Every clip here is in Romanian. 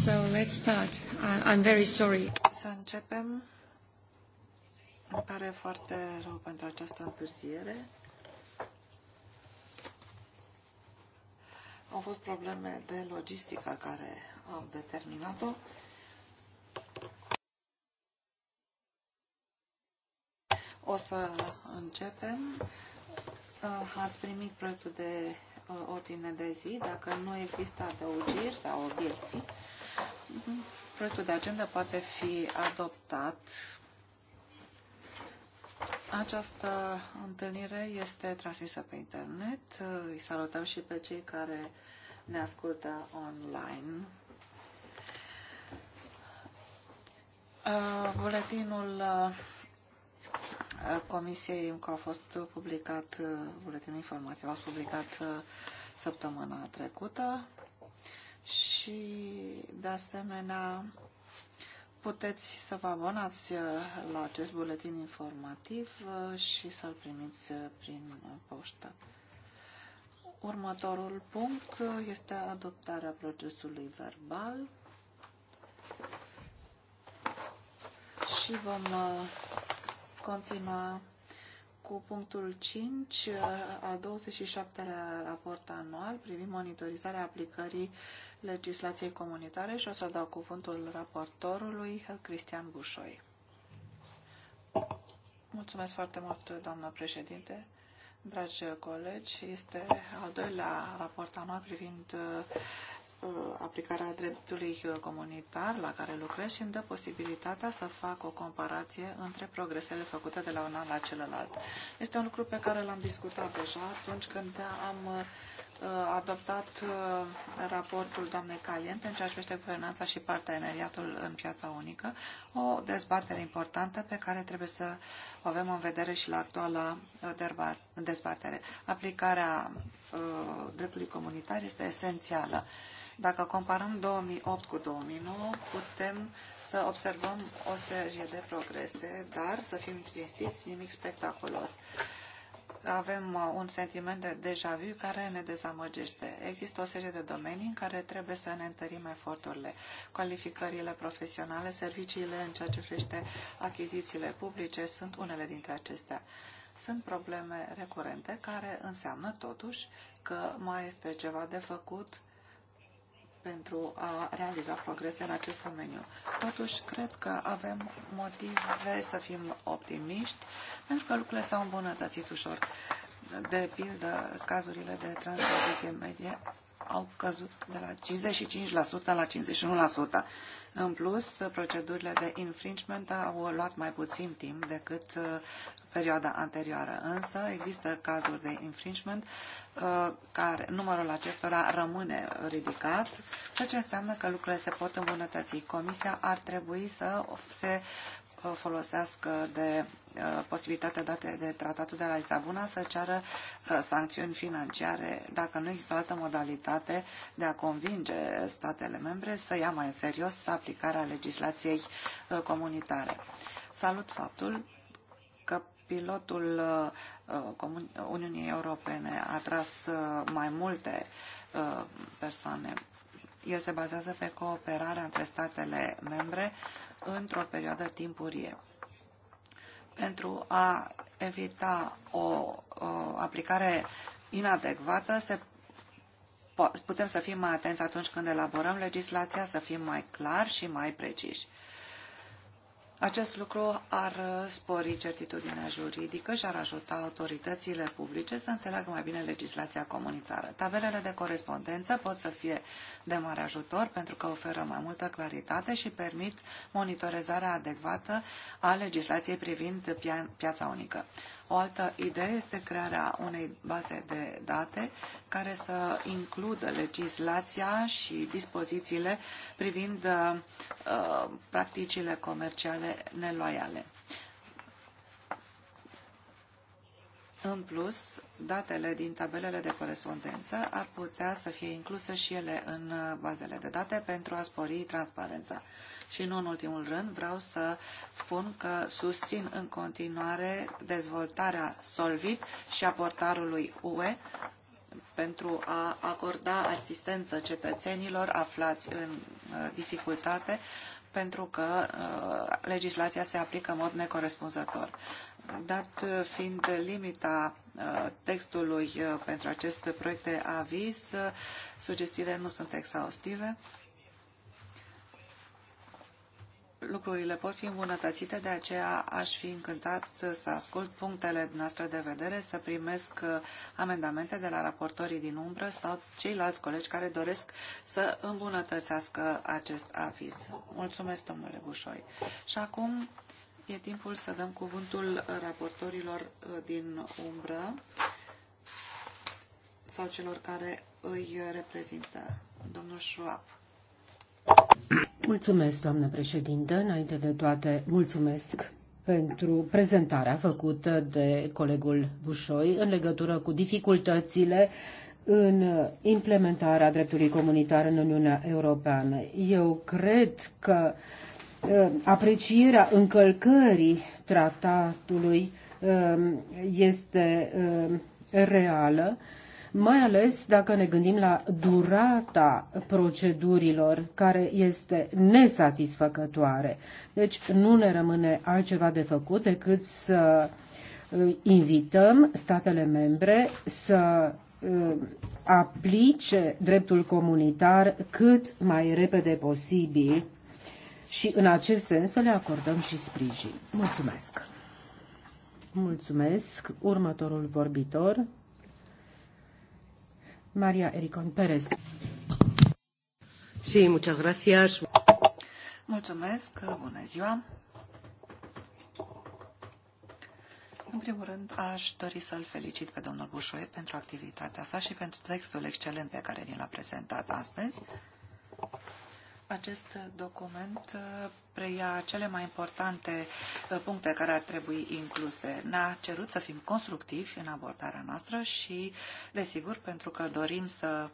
So let's start. I'm very sorry. Să începem. Îmi pare foarte rău pentru această întârziere. Au fost probleme de logistică care au determinat-o. O să începem. Uh, ați primit proiectul de uh, ordine de zi. Dacă nu există adăugiri sau obiecții, proiectul de agenda poate fi adoptat. Această întâlnire este transmisă pe internet. Îi salutăm și pe cei care ne ascultă online. Uh, buletinul uh, Comisiei încă a fost publicat, uh, buletinul informativ a fost publicat săptămâna trecută și, de asemenea, puteți să vă abonați uh, la acest buletin informativ uh, și să-l primiți uh, prin poștă. Următorul punct este adoptarea procesului verbal și vom continua cu punctul 5 uh, al 27-lea raport anual privind monitorizarea aplicării legislației comunitare și o să dau cuvântul raportorului uh, Cristian Bușoi. Mulțumesc foarte mult, doamnă președinte. Dragi colegi, este al doilea raport anual privind uh, Uh, aplicarea dreptului uh, comunitar la care lucrez și îmi dă posibilitatea să fac o comparație între progresele făcute de la un an la celălalt. Este un lucru pe care l-am discutat deja atunci când am uh, adoptat raportul doamnei Caliente în ceea ce privește guvernanța și parteneriatul în piața unică, o dezbatere importantă pe care trebuie să o avem în vedere și la actuala dezbatere. Aplicarea dreptului comunitar este esențială. Dacă comparăm 2008 cu 2009, putem să observăm o serie de progrese, dar să fim cinstiți, nimic spectaculos. Avem uh, un sentiment de deja vu care ne dezamăgește. Există o serie de domenii în care trebuie să ne întărim eforturile. Calificările profesionale, serviciile în ceea ce privește achizițiile publice sunt unele dintre acestea sunt probleme recurente care înseamnă totuși că mai este ceva de făcut pentru a realiza progrese în acest domeniu. Totuși, cred că avem motive să fim optimiști, pentru că lucrurile s-au îmbunătățit ușor. De pildă, cazurile de transpoziție medie au căzut de la 55% la 51%. În plus, procedurile de infringement au luat mai puțin timp decât uh, perioada anterioară. Însă există cazuri de infringement uh, care numărul acestora rămâne ridicat, ceea ce înseamnă că lucrurile se pot îmbunătăți. Comisia ar trebui să se Uh, folosească de uh, posibilitatea dată de tratatul de la Lisabona să ceară uh, sancțiuni financiare dacă nu există o altă modalitate de a convinge statele membre să ia mai în serios aplicarea legislației comunitare. Salut faptul că pilotul Uniunii Europene a tras mai multe persoane. El se bazează pe cooperarea între statele membre într-o perioadă timpurie. Pentru a evita o, o aplicare inadecvată, se putem să fim mai atenți atunci când elaborăm legislația, să fim mai clari și mai preciși. Acest lucru ar spori certitudinea juridică și ar ajuta autoritățile publice să înțeleagă mai bine legislația comunitară. Tabelele de corespondență pot să fie de mare ajutor pentru că oferă mai multă claritate și permit monitorizarea adecvată a legislației privind piața unică. O altă idee este crearea unei baze de date care să includă legislația și dispozițiile privind uh, uh, practicile comerciale neloiale. În plus, datele din tabelele de corespondență ar putea să fie incluse și ele în uh, bazele de date pentru a spori transparența. Și nu în ultimul rând, vreau să spun că susțin în continuare dezvoltarea Solvit și a portarului UE pentru a acorda asistență cetățenilor aflați în uh, dificultate, pentru că uh, legislația se aplică în mod necorespunzător. Dat uh, fiind limita textului pentru acest proiect de aviz, sugestiile nu sunt exhaustive lucrurile pot fi îmbunătățite, de aceea aș fi încântat să ascult punctele noastre de vedere, să primesc uh, amendamente de la raportorii din umbră sau ceilalți colegi care doresc să îmbunătățească acest aviz. Mulțumesc, domnule Bușoi. Și acum e timpul să dăm cuvântul raportorilor uh, din umbră sau celor care îi reprezintă. Domnul Schwab. Mulțumesc, doamnă președintă. Înainte de toate, mulțumesc pentru prezentarea făcută de colegul Bușoi în legătură cu dificultățile în implementarea dreptului comunitar în Uniunea Europeană. Eu cred că uh, aprecierea încălcării tratatului uh, este uh, reală mai ales dacă ne gândim la durata procedurilor, care este nesatisfăcătoare. Deci nu ne rămâne altceva de făcut decât să uh, invităm statele membre să uh, aplice dreptul comunitar cât mai repede posibil și în acest sens să le acordăm și sprijin. Mulțumesc! Mulțumesc! Următorul vorbitor, Maria Ericon Perez. Sí, muchas gracias. Mulțumesc, bună ziua. În primul rând, aș dori să-l felicit pe domnul Bușoie pentru activitatea sa și pentru textul excelent pe care ni l-a prezentat astăzi. Acest document uh, preia cele mai importante uh, puncte care ar trebui incluse. Ne-a cerut să fim constructivi în abordarea noastră și, desigur, pentru că dorim să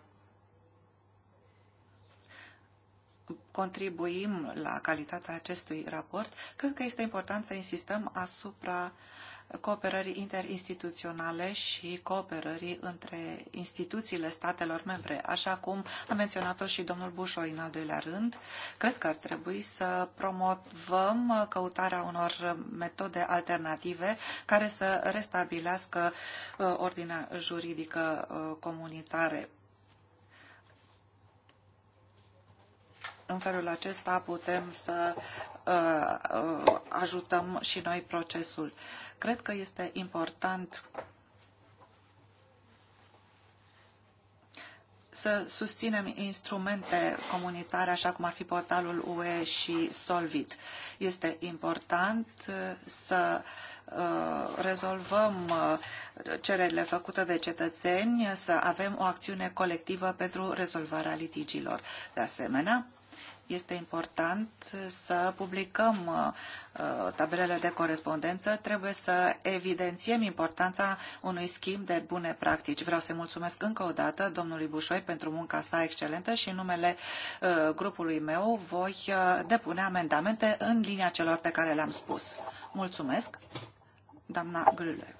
contribuim la calitatea acestui raport, cred că este important să insistăm asupra uh, cooperării interinstituționale și cooperării între instituțiile statelor membre, așa cum a menționat-o și domnul Bușoi în al doilea rând. Cred că ar trebui să promovăm căutarea unor metode alternative care să restabilească uh, ordinea juridică uh, comunitare În felul acesta putem să uh, ajutăm și noi procesul. Cred că este important să susținem instrumente comunitare, așa cum ar fi portalul UE și Solvit. Este important uh, să uh, rezolvăm cererile făcute de cetățeni, să avem o acțiune colectivă pentru rezolvarea litigiilor. De asemenea, este important să publicăm uh, uh, tabelele de corespondență, trebuie să evidențiem importanța unui schimb de bune practici. Vreau să-i mulțumesc încă o dată domnului Bușoi pentru munca sa excelentă și în numele uh, grupului meu voi depune amendamente în linia celor pe care le-am spus. Mulțumesc, doamna Grâle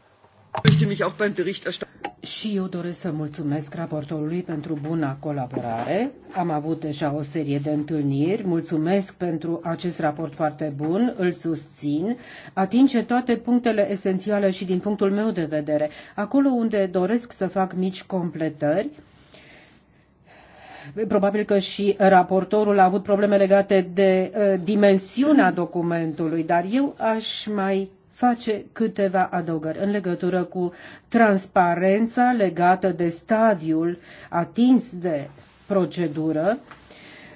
și eu doresc să mulțumesc raportorului pentru buna colaborare. Am avut deja o serie de întâlniri. Mulțumesc pentru acest raport foarte bun, îl susțin. Atinge toate punctele esențiale și din punctul meu de vedere. Acolo unde doresc să fac mici completări, probabil că și raportorul a avut probleme legate de uh, dimensiunea documentului, dar eu aș mai face câteva adăugări în legătură cu transparența legată de stadiul atins de procedură,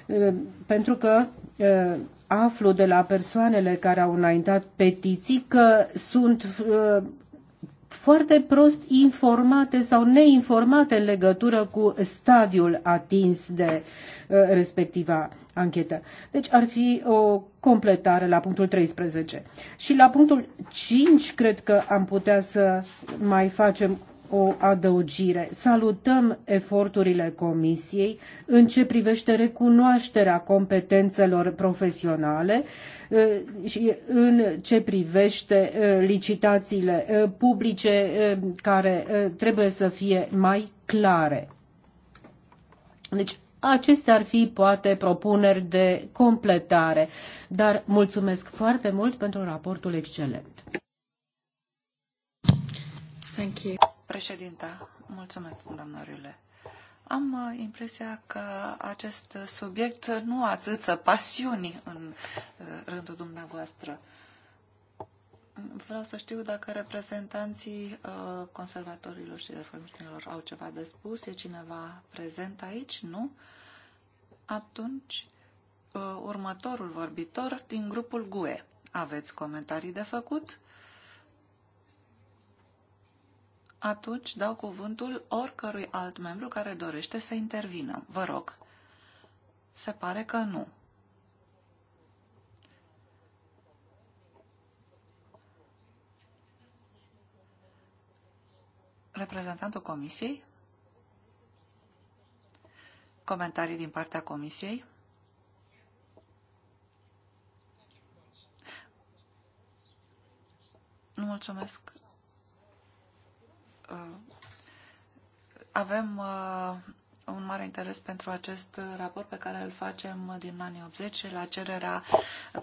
uh, pentru că uh, aflu de la persoanele care au înaintat petiții că sunt uh, foarte prost informate sau neinformate în legătură cu stadiul atins de respectiva anchetă. Deci ar fi o completare la punctul 13. Și la punctul 5 cred că am putea să mai facem o adăugire. Salutăm eforturile Comisiei în ce privește recunoașterea competențelor profesionale eh, și în ce privește eh, licitațiile eh, publice care trebuie să fie mai clare. Deci Acestea ar fi poate propuneri de completare, dar mulțumesc foarte mult pentru raportul excelent. Thank you. Președinta, mulțumesc, doamnă Riule. Am uh, impresia că acest subiect nu atâță pasiuni în uh, rândul dumneavoastră. Vreau să știu dacă reprezentanții uh, conservatorilor și reformiștilor au ceva de spus. E cineva prezent aici? Nu? Atunci, uh, următorul vorbitor din grupul GUE. Aveți comentarii de făcut? Atunci dau cuvântul oricărui alt membru care dorește să intervină. Vă rog. Se pare că nu. Reprezentantul Comisiei? Comentarii din partea Comisiei? Mulțumesc. Uh, avem uh, un mare interes pentru acest raport pe care îl facem din anii 80 la cererea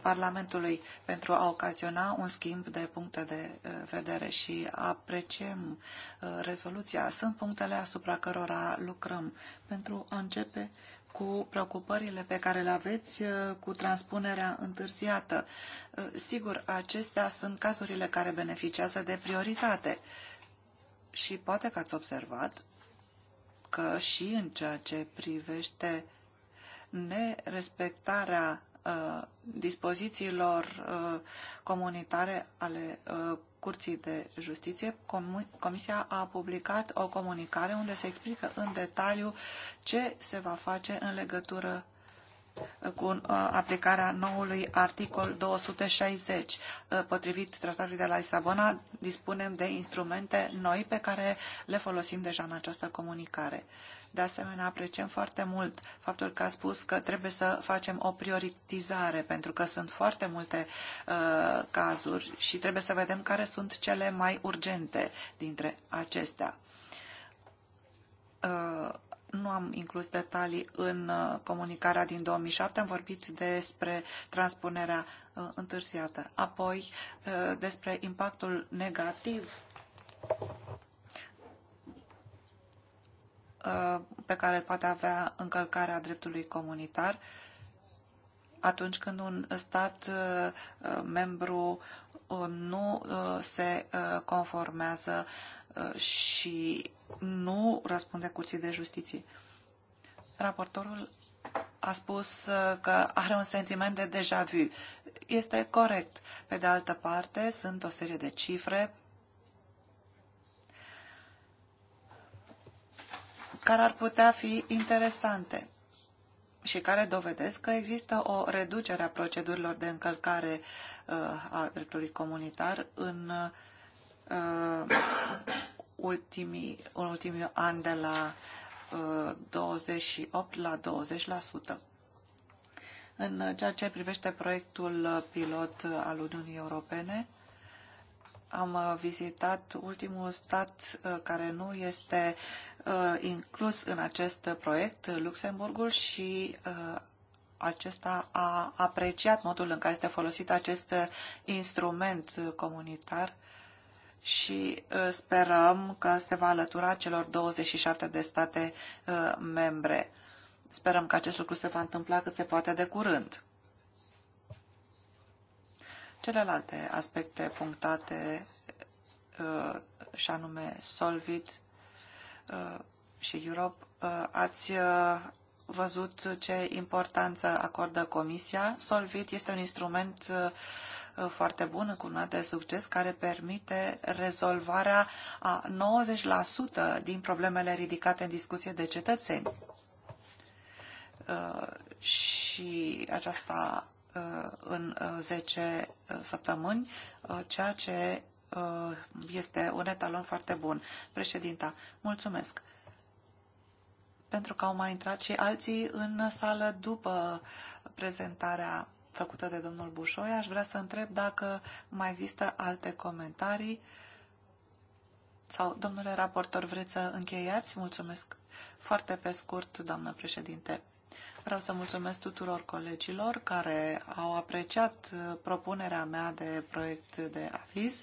Parlamentului pentru a ocaziona un schimb de puncte de eh, vedere și apreciem eh, rezoluția. Sunt punctele asupra cărora lucrăm pentru a începe cu preocupările pe care le aveți eh, cu transpunerea întârziată. Sigur, acestea sunt cazurile care beneficiază de prioritate. Și poate că ați observat, că și în ceea ce privește nerespectarea uh, dispozițiilor uh, comunitare ale uh, Curții de Justiție, Comisia a publicat o comunicare unde se explică în detaliu ce se va face în legătură cu uh, aplicarea noului articol 260. Uh, potrivit tratatului de la Lisabona, dispunem de instrumente noi pe care le folosim deja în această comunicare. De asemenea, apreciem foarte mult faptul că a spus că trebuie să facem o prioritizare, pentru că sunt foarte multe uh, cazuri și trebuie să vedem care sunt cele mai urgente dintre acestea. Uh, nu am inclus detalii în uh, comunicarea din 2007, am vorbit despre transpunerea uh, întârziată. Apoi, uh, despre impactul negativ pe care îl poate avea încălcarea dreptului comunitar atunci când un stat membru nu se conformează și nu răspunde curții de justiție. Raportorul a spus uh, că are un sentiment de deja vu. Este corect. Pe de altă parte, sunt o serie de cifre care ar putea fi interesante și care dovedesc că există o reducere a procedurilor de încălcare uh, a dreptului comunitar în uh, ultimii, în ultimii ani de la 28 uh, la 20%. În uh, ceea ce privește proiectul uh, pilot al Uniunii Europene, am vizitat ultimul stat care nu este inclus în acest proiect, Luxemburgul, și acesta a apreciat modul în care este folosit acest instrument comunitar și uh, sperăm că se va alătura celor 27 de state uh, membre. Sperăm că acest lucru se va întâmpla cât se poate de curând. Celelalte aspecte punctate, uh, și anume Solvit și Europe, ați văzut ce importanță acordă Comisia. Solvit este un instrument Uh, foarte bună, cu cununată de succes, care permite rezolvarea a 90% din problemele ridicate în discuție de cetățeni. Uh, și aceasta uh, în 10 săptămâni, ceea ce este un etalon foarte bun. Președinta, mulțumesc! Pentru că au mai intrat și alții în sală după prezentarea făcută de domnul Bușoi, aș vrea să întreb dacă mai există alte comentarii sau, domnule raportor, vreți să încheiați? Mulțumesc foarte pe scurt, doamnă președinte. Vreau să mulțumesc tuturor colegilor care au apreciat uh, propunerea mea de proiect de aviz.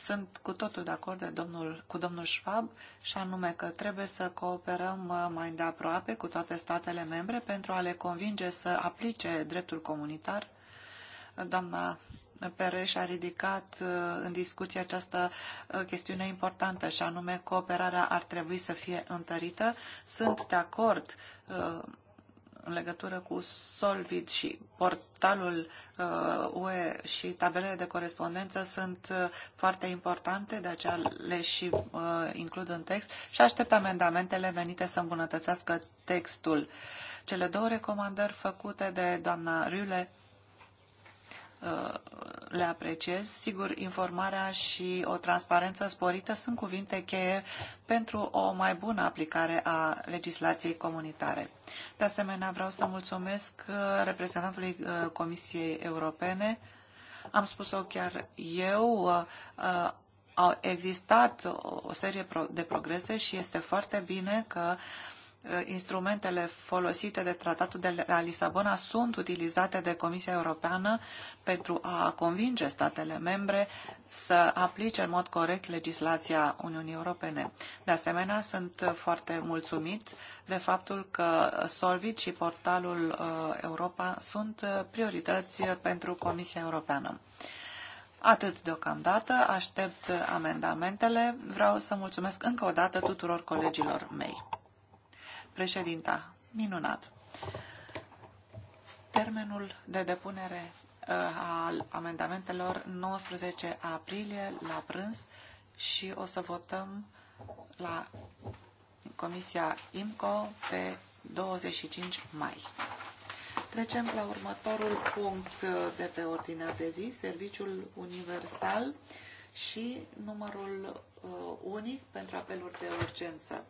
Sunt cu totul de acord de domnul, cu domnul Schwab și anume că trebuie să cooperăm uh, mai îndeaproape cu toate statele membre pentru a le convinge să aplice dreptul comunitar. Doamna Pereș a ridicat uh, în discuție această uh, chestiune importantă și anume cooperarea ar trebui să fie întărită. Sunt de acord în legătură cu Solvit și portalul uh, UE și tabelele de corespondență sunt uh, foarte importante, de aceea le și uh, includ în text și aștept amendamentele venite să îmbunătățească textul. Cele două recomandări făcute de doamna Riule le apreciez. Sigur, informarea și o transparență sporită sunt cuvinte cheie pentru o mai bună aplicare a legislației comunitare. De asemenea, vreau să mulțumesc uh, reprezentantului uh, Comisiei Europene. Am spus-o chiar eu. Uh, au existat o serie de progrese și este foarte bine că uh, Uh, instrumentele folosite de tratatul de la Lisabona sunt utilizate de Comisia Europeană pentru a convinge statele membre să aplice în mod corect legislația Uniunii Europene. De asemenea, sunt foarte mulțumit de faptul că Solvit și portalul uh, Europa sunt priorități pentru Comisia Europeană. Atât deocamdată, aștept amendamentele. Vreau să mulțumesc încă o dată tuturor colegilor mei. Președinta, minunat. Termenul de depunere uh, al amendamentelor 19 aprilie la prânz și o să votăm la Comisia IMCO pe 25 mai. Trecem la următorul punct uh, de pe ordinea de zi, Serviciul Universal și numărul uh, unic pentru apeluri de urgență.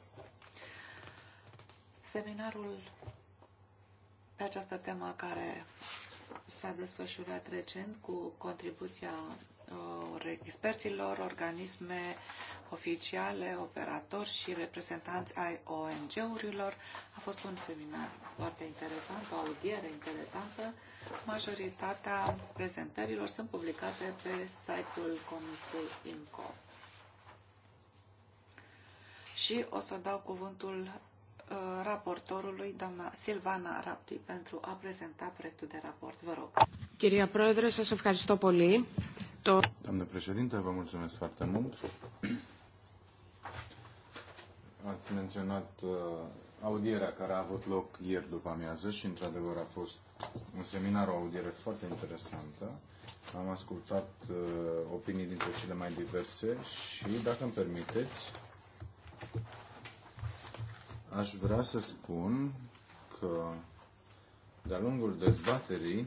Seminarul pe această temă care s-a desfășurat recent cu contribuția uh, experților, organisme oficiale, operatori și reprezentanți ai ONG-urilor. A fost un seminar foarte interesant, o audiere interesantă. Majoritatea prezentărilor sunt publicate pe site-ul Comisiei IMCO. Și o să dau cuvântul Uh, raportorului, doamna Silvana Rapti, pentru a prezenta proiectul de raport. Vă rog. Chiria Proedre, să ευχαριστώ președinte, vă mulțumesc foarte mult. Ați menționat uh, audierea care a avut loc ieri după amiază și într-adevăr a fost un seminar, o audiere foarte interesantă. Am ascultat uh, opinii dintre cele mai diverse și, dacă îmi permiteți, Aș vrea să spun că de-a lungul dezbaterii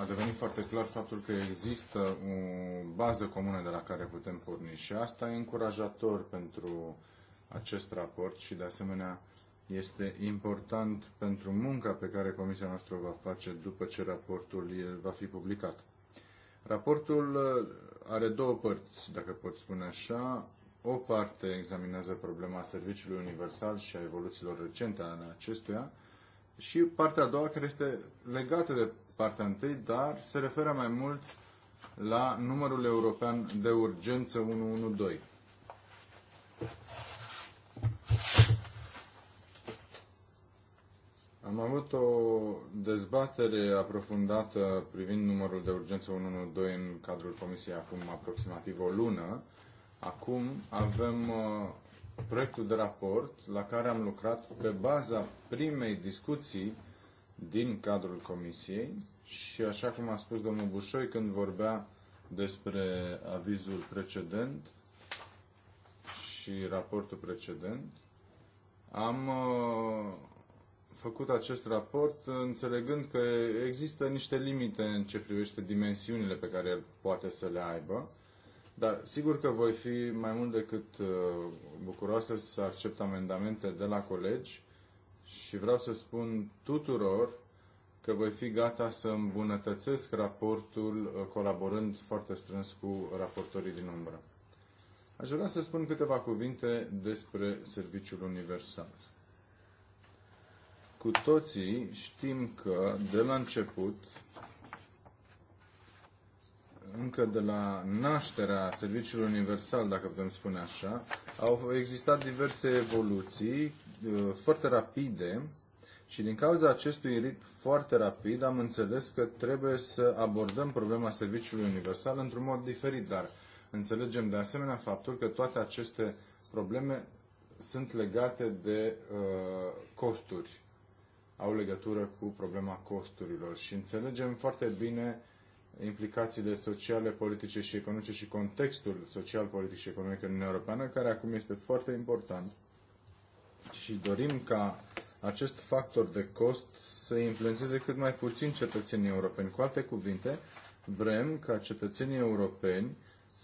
a devenit foarte clar faptul că există o bază comună de la care putem porni și asta e încurajator pentru acest raport și de asemenea este important pentru munca pe care comisia noastră va face după ce raportul va fi publicat. Raportul uh, are două părți, dacă pot spune așa. O parte examinează problema serviciului universal și a evoluțiilor recente ale acestuia și partea a doua care este legată de partea întâi, dar se referă mai mult la numărul european de urgență 112. Am avut o dezbatere aprofundată privind numărul de urgență 112 în cadrul Comisiei acum aproximativ o lună Acum avem uh, proiectul de raport la care am lucrat pe baza primei discuții din cadrul comisiei și așa cum a spus domnul Bușoi când vorbea despre avizul precedent și raportul precedent, am uh, făcut acest raport înțelegând că există niște limite în ce privește dimensiunile pe care el poate să le aibă dar sigur că voi fi mai mult decât uh, bucuroasă să accept amendamente de la colegi și vreau să spun tuturor că voi fi gata să îmbunătățesc raportul uh, colaborând foarte strâns cu raportorii din umbră. Aș vrea să spun câteva cuvinte despre serviciul universal. Cu toții știm că de la început încă de la nașterea serviciului universal, dacă putem spune așa, au existat diverse evoluții uh, foarte rapide și din cauza acestui ritm foarte rapid am înțeles că trebuie să abordăm problema serviciului universal într-un mod diferit, dar înțelegem de asemenea faptul că toate aceste probleme sunt legate de uh, costuri, au legătură cu problema costurilor și înțelegem foarte bine implicațiile sociale, politice și economice și contextul social, politic și economic în Uniunea Europeană, care acum este foarte important și dorim ca acest factor de cost să influențeze cât mai puțin cetățenii europeni. Cu alte cuvinte, vrem ca cetățenii europeni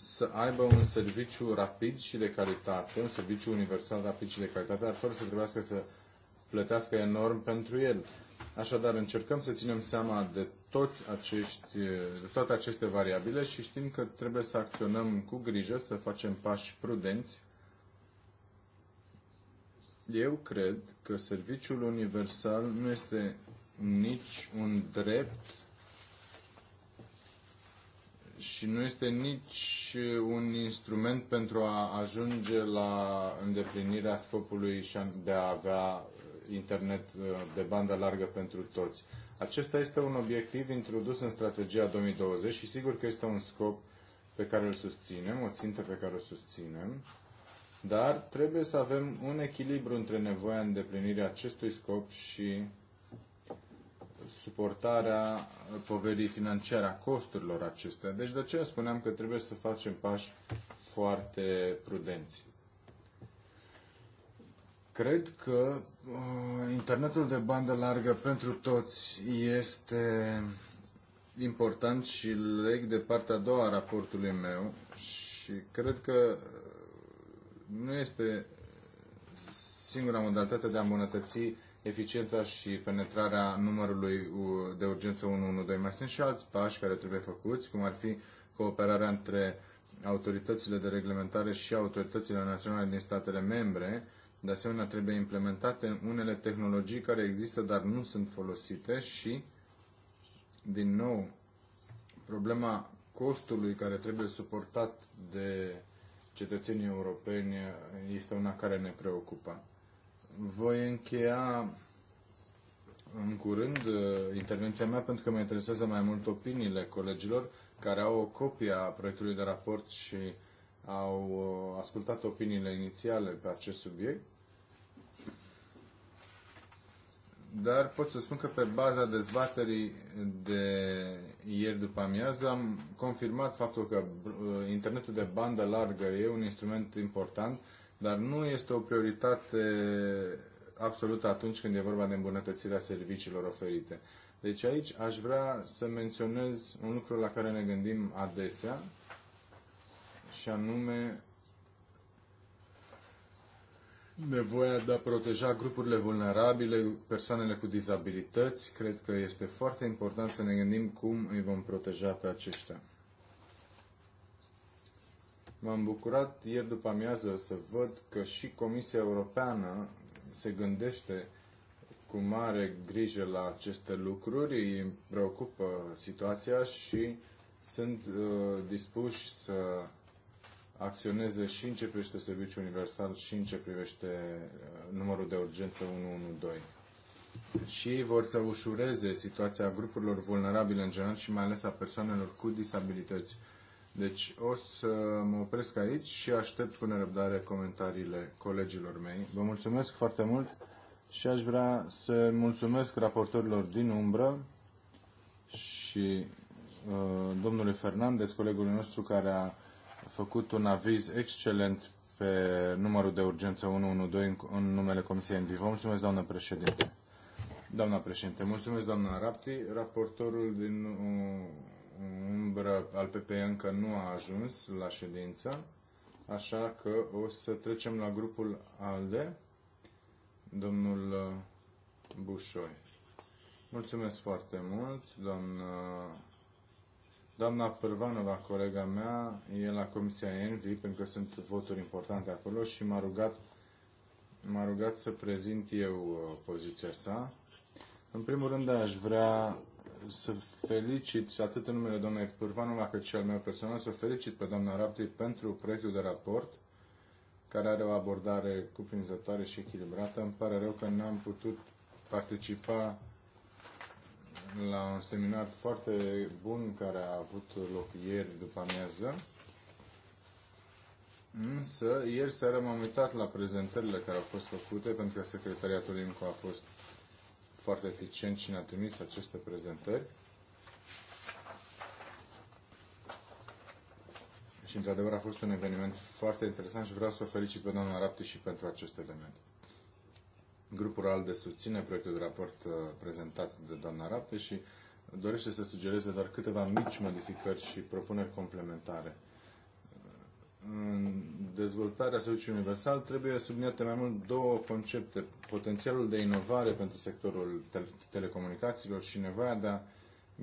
să aibă un serviciu rapid și de calitate, un serviciu universal rapid și de calitate, dar fără să trebuiască să plătească enorm pentru el. Așadar, încercăm să ținem seama de toți acești, toate aceste variabile și știm că trebuie să acționăm cu grijă, să facem pași prudenți. Eu cred că serviciul universal nu este nici un drept și nu este nici un instrument pentru a ajunge la îndeplinirea scopului de a avea internet uh, de bandă largă pentru toți. Acesta este un obiectiv introdus în strategia 2020 și sigur că este un scop pe care îl susținem, o țintă pe care o susținem, dar trebuie să avem un echilibru între nevoia îndeplinirii acestui scop și suportarea poverii financiare a costurilor acestea. Deci de aceea spuneam că trebuie să facem pași foarte prudenți. Cred că uh, internetul de bandă largă pentru toți este important și leg de partea a doua a raportului meu și cred că uh, nu este singura modalitate de a îmbunătăți eficiența și penetrarea numărului uh, de urgență 112. Mai sunt și alți pași care trebuie făcuți, cum ar fi cooperarea între autoritățile de reglementare și autoritățile naționale din statele membre, de asemenea, trebuie implementate unele tehnologii care există, dar nu sunt folosite și, din nou, problema costului care trebuie suportat de cetățenii europeni este una care ne preocupă. Voi încheia în curând uh, intervenția mea pentru că mă interesează mai mult opiniile colegilor care au o copie a proiectului de raport și au uh, ascultat opiniile inițiale pe acest subiect, dar pot să spun că pe baza dezbaterii de ieri după amiază am confirmat faptul că uh, internetul de bandă largă e un instrument important, dar nu este o prioritate absolută atunci când e vorba de îmbunătățirea serviciilor oferite. Deci aici aș vrea să menționez un lucru la care ne gândim adesea, și anume nevoia de a proteja grupurile vulnerabile, persoanele cu dizabilități. Cred că este foarte important să ne gândim cum îi vom proteja pe aceștia. M-am bucurat ieri după amiază să văd că și Comisia Europeană se gândește cu mare grijă la aceste lucruri, îi preocupă situația și sunt uh, dispuși să acționeze și în ce privește serviciul universal și în ce privește uh, numărul de urgență 112. Și ei vor să ușureze situația grupurilor vulnerabile în general și mai ales a persoanelor cu disabilități. Deci o să mă opresc aici și aștept cu nerăbdare comentariile colegilor mei. Vă mulțumesc foarte mult și aș vrea să mulțumesc raportorilor din umbră și uh, domnului Fernandez, colegului nostru care a făcut un aviz excelent pe numărul de urgență 112 în numele Comisiei Envi. Vă mulțumesc, doamnă președinte. Doamna președinte, mulțumesc, doamna Rapti. Raportorul din uh, umbră al PPE încă nu a ajuns la ședință, așa că o să trecem la grupul ALDE, domnul uh, Bușoi. Mulțumesc foarte mult, doamnă Doamna Pârvanova, colega mea, e la Comisia Envi, pentru că sunt voturi importante acolo și m-a rugat, m-a rugat să prezint eu uh, poziția sa. În primul rând, aș vrea să felicit atât în numele doamnei Pârvanova cât și al meu personal, să felicit pe doamna Rapti pentru proiectul de raport care are o abordare cuprinzătoare și echilibrată. Îmi pare rău că n-am putut participa la un seminar foarte bun care a avut loc ieri după amiază. Însă, ieri seara m-am uitat la prezentările care au fost făcute, pentru că secretariatul INCO a fost foarte eficient și ne-a trimis aceste prezentări. Și, într-adevăr, a fost un eveniment foarte interesant și vreau să o felicit pe doamna Rapti și pentru acest eveniment. Grupul ALDE susține proiectul de raport uh, prezentat de doamna Rapte și dorește să sugereze doar câteva mici modificări și propuneri complementare. În dezvoltarea serviciului universal trebuie subliniate mai mult două concepte. Potențialul de inovare pentru sectorul tele telecomunicațiilor și nevoia de a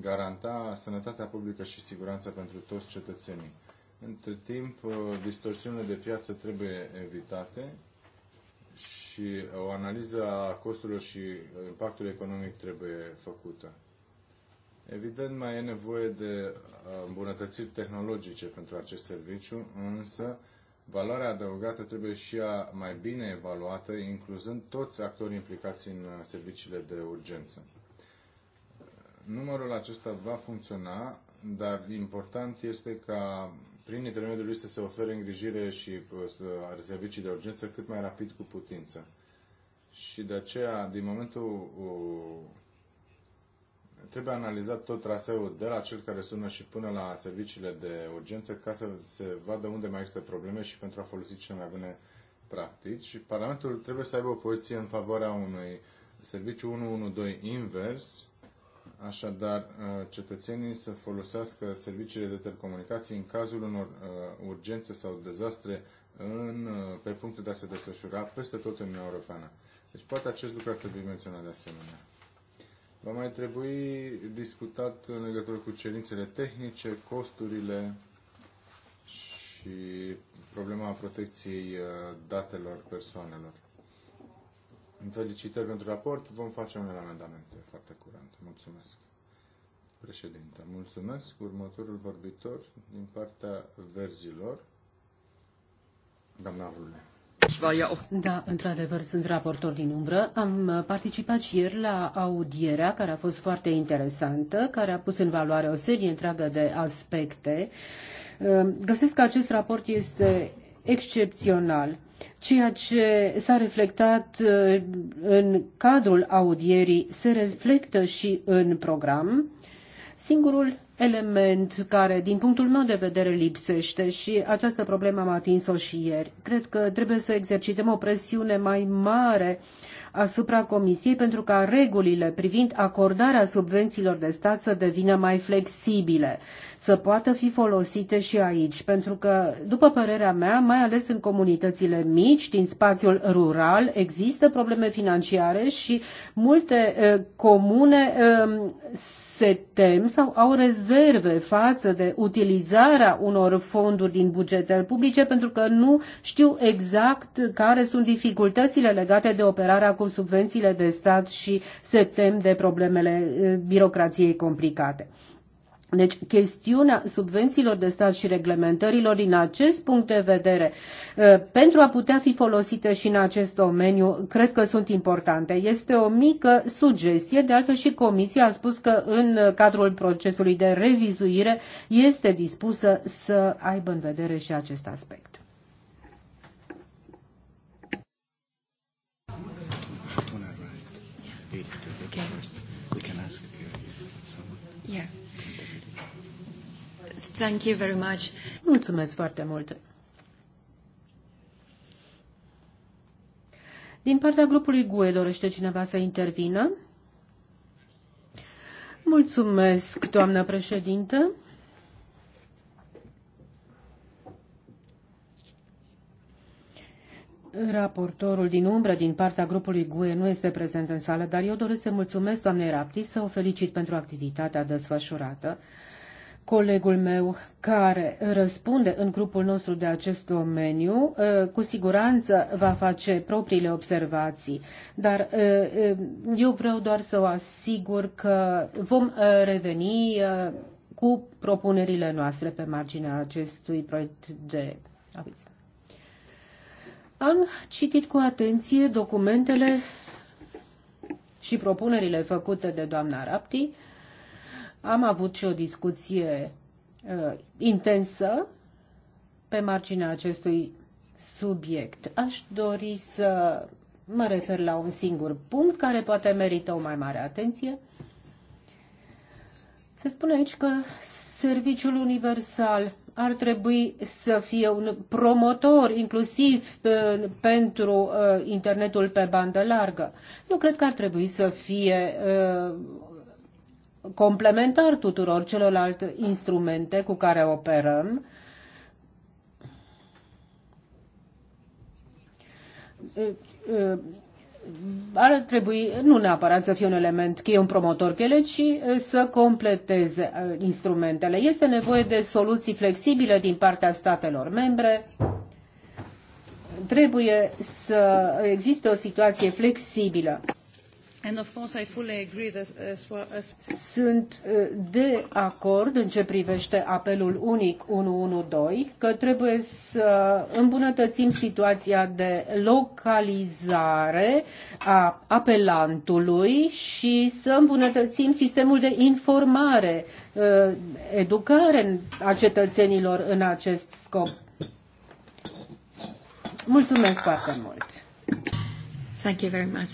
garanta sănătatea publică și siguranța pentru toți cetățenii. Între timp, uh, distorsiunile de piață trebuie evitate și uh, o analiză a costurilor și uh, impactul economic trebuie făcută. Evident, mai e nevoie de uh, îmbunătățiri tehnologice pentru acest serviciu, însă valoarea adăugată trebuie și ea mai bine evaluată, incluzând toți actorii implicați în serviciile de urgență. Numărul acesta va funcționa, dar important este ca prin intermediul lui să se ofere îngrijire și uh, servicii de urgență cât mai rapid cu putință. Și de aceea, din momentul uh, trebuie analizat tot traseul de la cel care sună și până la serviciile de urgență ca să se vadă unde mai există probleme și pentru a folosi cele mai bune practici. Parlamentul trebuie să aibă o poziție în favoarea unui serviciu 112 invers așadar uh, cetățenii să folosească serviciile de telecomunicații în cazul unor uh, urgențe sau dezastre în, uh, pe punctul de a se desfășura peste tot în Uniunea Europeană. Deci poate acest lucru ar trebui menționat de asemenea. Va mai trebui discutat în legătură cu cerințele tehnice, costurile și problema protecției datelor persoanelor. Felicitări pentru raport. Vom face unele amendamente foarte curând. Mulțumesc. Președinte, mulțumesc. Următorul vorbitor din partea verzilor, doamna Rule. Da, într-adevăr, sunt raportor din umbră. Am participat și ieri la audierea, care a fost foarte interesantă, care a pus în valoare o serie întreagă de aspecte. Găsesc că acest raport este excepțional Ceea ce s-a reflectat uh, în cadrul audierii se reflectă și în program. Singurul element care, din punctul meu de vedere, lipsește și această problemă am atins-o și ieri. Cred că trebuie să exercităm o presiune mai mare asupra Comisiei pentru ca regulile privind acordarea subvențiilor de stat să devină mai flexibile, să poată fi folosite și aici, pentru că, după părerea mea, mai ales în comunitățile mici din spațiul rural, există probleme financiare și multe uh, comune uh, se tem sau au rezerve față de utilizarea unor fonduri din bugetele publice pentru că nu știu exact care sunt dificultățile legate de operarea acum subvențiile de stat și se tem de problemele birocrației complicate. Deci, chestiunea subvențiilor de stat și reglementărilor din acest punct de vedere, pentru a putea fi folosite și în acest domeniu, cred că sunt importante. Este o mică sugestie, de altfel și Comisia a spus că în cadrul procesului de revizuire este dispusă să aibă în vedere și acest aspect. Thank you very much. Mulțumesc foarte mult. Din partea grupului GUE dorește cineva să intervină? Mulțumesc, doamnă președintă. Raportorul din umbră din partea grupului GUE nu este prezent în sală, dar eu doresc să mulțumesc doamnei Raptis, să o felicit pentru activitatea desfășurată colegul meu care răspunde în grupul nostru de acest domeniu, uh, cu siguranță va face propriile observații, dar uh, uh, eu vreau doar să o asigur că vom reveni cu propunerile noastre pe marginea acestui proiect de aviz. Am citit cu atenție documentele și propunerile făcute de doamna Rapti, am avut și o discuție uh, intensă pe marginea acestui subiect. Aș dori să mă refer la un singur punct care poate merită o mai mare atenție. Se spune aici că serviciul universal ar trebui să fie un promotor inclusiv pe, uh, pentru uh, internetul pe bandă largă. Eu cred că ar trebui să fie uh, complementar tuturor celorlalte instrumente cu care operăm. Ar trebui nu neapărat să fie un element cheie, un promotor cheie, ci să completeze instrumentele. Este nevoie de soluții flexibile din partea statelor membre, trebuie să existe o situație flexibilă. And of course I fully agree as well as... Sunt uh, de acord în ce privește apelul unic 112 că trebuie să îmbunătățim situația de localizare a apelantului și să îmbunătățim sistemul de informare, uh, educare a cetățenilor în acest scop. Mulțumesc foarte mult! Thank you very much.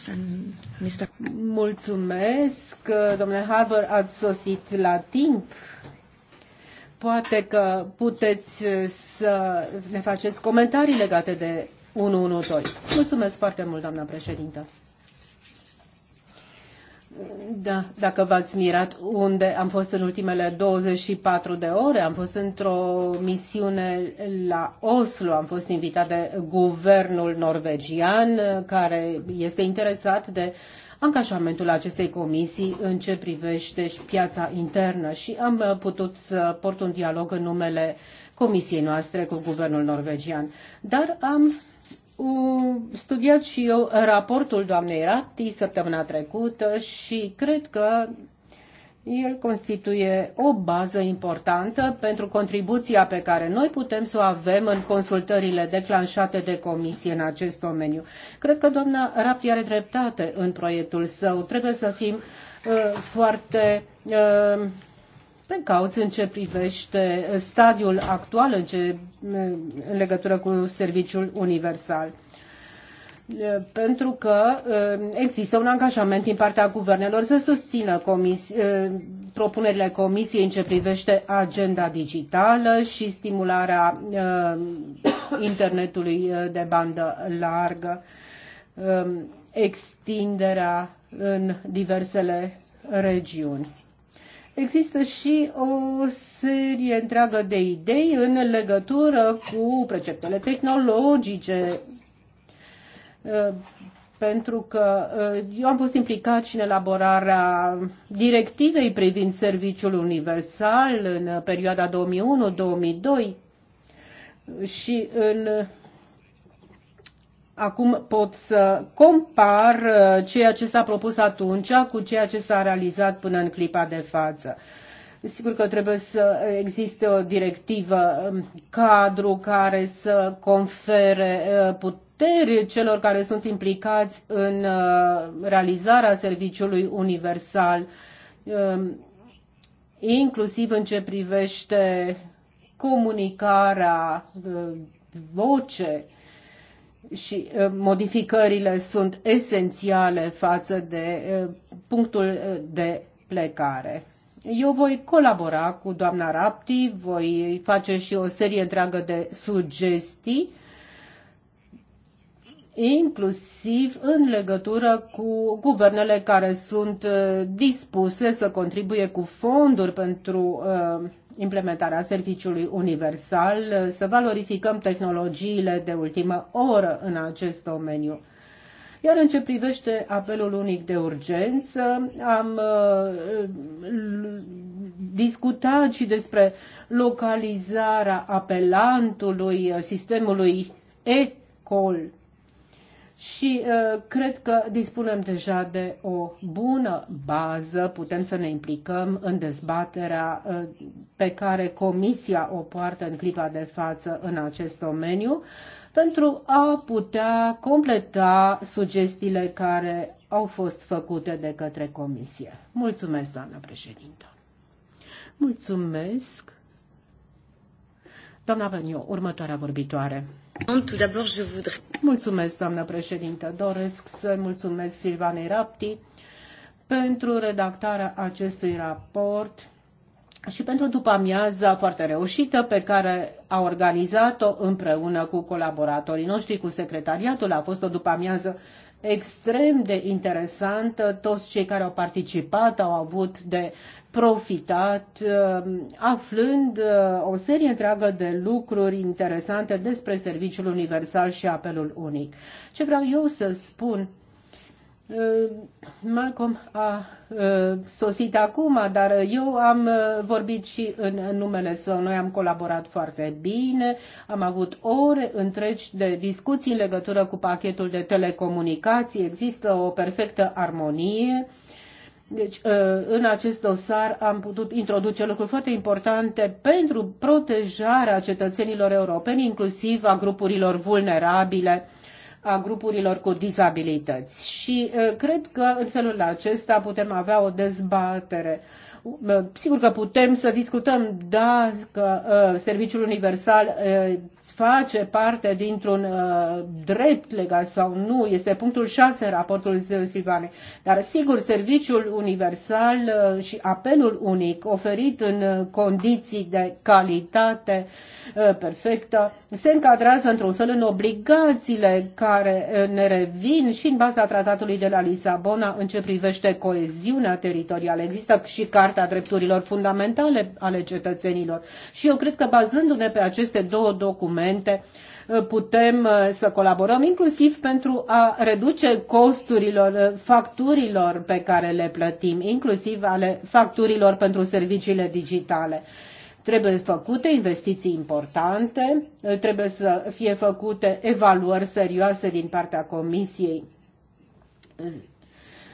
Mr. Mulțumesc, domnule Harbour, ați sosit la timp. Poate că puteți să ne faceți comentarii legate de 112. Mulțumesc foarte mult, doamna președintă. Da, dacă v-ați mirat unde am fost în ultimele 24 de ore, am fost într-o misiune la Oslo, am fost invitat de guvernul norvegian care este interesat de angajamentul acestei comisii în ce privește și piața internă și am putut să port un dialog în numele comisiei noastre cu guvernul norvegian. Dar am studiat și eu raportul doamnei Ratti săptămâna trecută și cred că el constituie o bază importantă pentru contribuția pe care noi putem să o avem în consultările declanșate de comisie în acest domeniu. Cred că doamna Rapti are dreptate în proiectul său. Trebuie să fim uh, foarte uh, precauți în ce privește uh, stadiul actual în, ce, uh, în legătură cu serviciul universal uh, pentru că există un angajament din partea guvernelor să susțină comisi, propunerile Comisiei în ce privește agenda digitală și stimularea internetului de bandă largă, um, extinderea în diversele regiuni. Există și o serie întreagă de idei în legătură cu preceptele tehnologice, uh, pentru că uh, eu am fost implicat și în elaborarea directivei privind serviciul universal în perioada 2001-2002 și în acum pot să compar uh, ceea ce s-a propus atunci cu ceea ce s-a realizat până în clipa de față. Sigur că trebuie să existe o directivă um, cadru care să confere uh, puteri celor care sunt implicați în uh, realizarea serviciului universal, um, inclusiv în ce privește comunicarea, voce, și uh, modificările sunt esențiale față de uh, punctul uh, de plecare. Eu voi colabora cu doamna Rapti, voi face și o serie întreagă de sugestii, inclusiv în legătură cu guvernele care sunt dispuse să contribuie cu fonduri pentru uh, implementarea serviciului universal, să valorificăm tehnologiile de ultimă oră în acest domeniu. Iar în ce privește apelul unic de urgență, am uh, discutat și despre localizarea apelantului uh, sistemului e-call și uh, cred că dispunem deja de o bună bază, putem să ne implicăm în dezbaterea uh, pe care Comisia o poartă în clipa de față în acest domeniu pentru a putea completa sugestiile care au fost făcute de către Comisie. Mulțumesc, doamnă președintă! Mulțumesc! Doamna Veniu, următoarea vorbitoare. Mulțumesc, doamnă președintă. Doresc să mulțumesc Silvanei Rapti pentru redactarea acestui raport și pentru după amiaza foarte reușită pe care a organizat-o împreună cu colaboratorii noștri, cu secretariatul. A fost o după amiază extrem de interesantă. Toți cei care au participat au avut de profitat uh, aflând uh, o serie întreagă de lucruri interesante despre serviciul universal și apelul unic. Ce vreau eu să spun uh, Malcolm a sosit acum, dar eu am vorbit și în numele său. Noi am colaborat foarte bine, am avut ore întregi de discuții în legătură cu pachetul de telecomunicații, există o perfectă armonie deci, uh, în acest dosar am putut introduce lucruri foarte importante pentru protejarea cetățenilor europeni, inclusiv a grupurilor vulnerabile a grupurilor cu dizabilități. Și cred că în felul acesta putem avea o dezbatere. Sigur că putem să discutăm dacă serviciul universal face parte dintr-un drept legal sau nu. Este punctul 6 în raportul Silvanei. Dar sigur, serviciul universal și apelul unic oferit în condiții de calitate perfectă se încadrează într-un fel în obligațiile care care eh, ne revin și în baza tratatului de la Lisabona în ce privește coeziunea teritorială. Există și Carta Drepturilor Fundamentale ale cetățenilor. Și eu cred că bazându-ne pe aceste două documente, eh, putem eh, să colaborăm inclusiv pentru a reduce costurilor, facturilor pe care le plătim, inclusiv ale facturilor pentru serviciile digitale. Trebuie făcute investiții importante, trebuie să fie făcute evaluări serioase din partea Comisiei.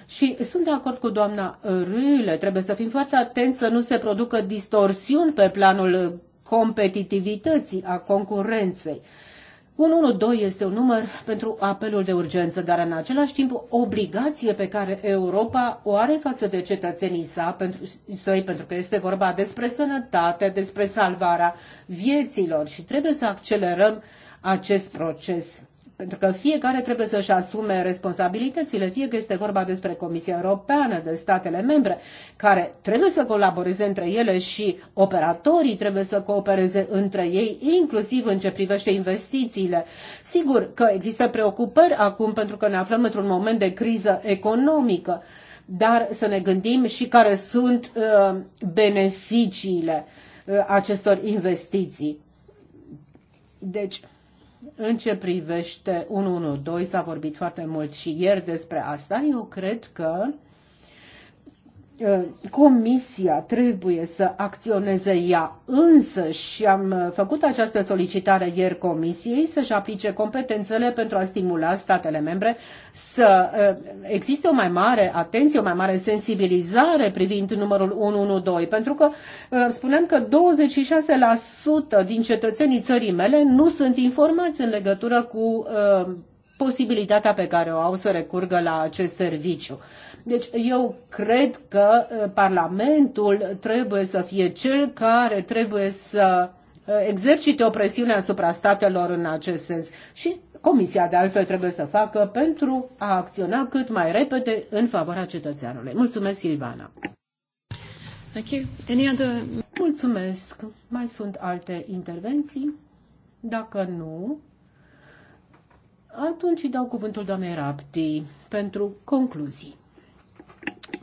Și sunt de acord cu doamna Râle, trebuie să fim foarte atenți să nu se producă distorsiuni pe planul competitivității, a concurenței. Uh, 112 este un număr pentru apelul de urgență, dar în același timp o obligație pe care Europa o are față de cetățenii sa, pentru, săi, pentru că este vorba despre sănătate, despre salvarea vieților și trebuie să accelerăm acest proces. Pentru că fiecare trebuie să-și asume responsabilitățile, fie că este vorba despre Comisia Europeană, de statele membre, care trebuie să colaboreze între ele și operatorii trebuie să coopereze între ei, inclusiv în ce privește investițiile. Sigur că există preocupări acum pentru că ne aflăm într-un moment de criză economică, dar să ne gândim și care sunt uh, beneficiile uh, acestor investiții. Deci, în ce privește 112, s-a vorbit foarte mult și ieri despre asta. Eu cred că uh, Ă, comisia trebuie să acționeze ea însă și am ă, făcut această solicitare ieri Comisiei să-și aplice competențele pentru a stimula statele membre să ă, existe o mai mare atenție, o mai mare sensibilizare privind numărul 112, pentru că spunem că 26% din cetățenii țării mele nu sunt informați în legătură cu posibilitatea pe care o au să recurgă la acest serviciu. Deci eu cred că uh, Parlamentul trebuie să fie cel care trebuie să uh, exercite o presiune asupra statelor în acest sens. Și Comisia, de altfel, trebuie să facă pentru a acționa cât mai repede în favoarea cetățeanului. Mulțumesc, Silvana! Thank you. Any other... Mulțumesc! Mai sunt alte intervenții? Dacă nu, atunci îi dau cuvântul doamnei Rapti pentru concluzii.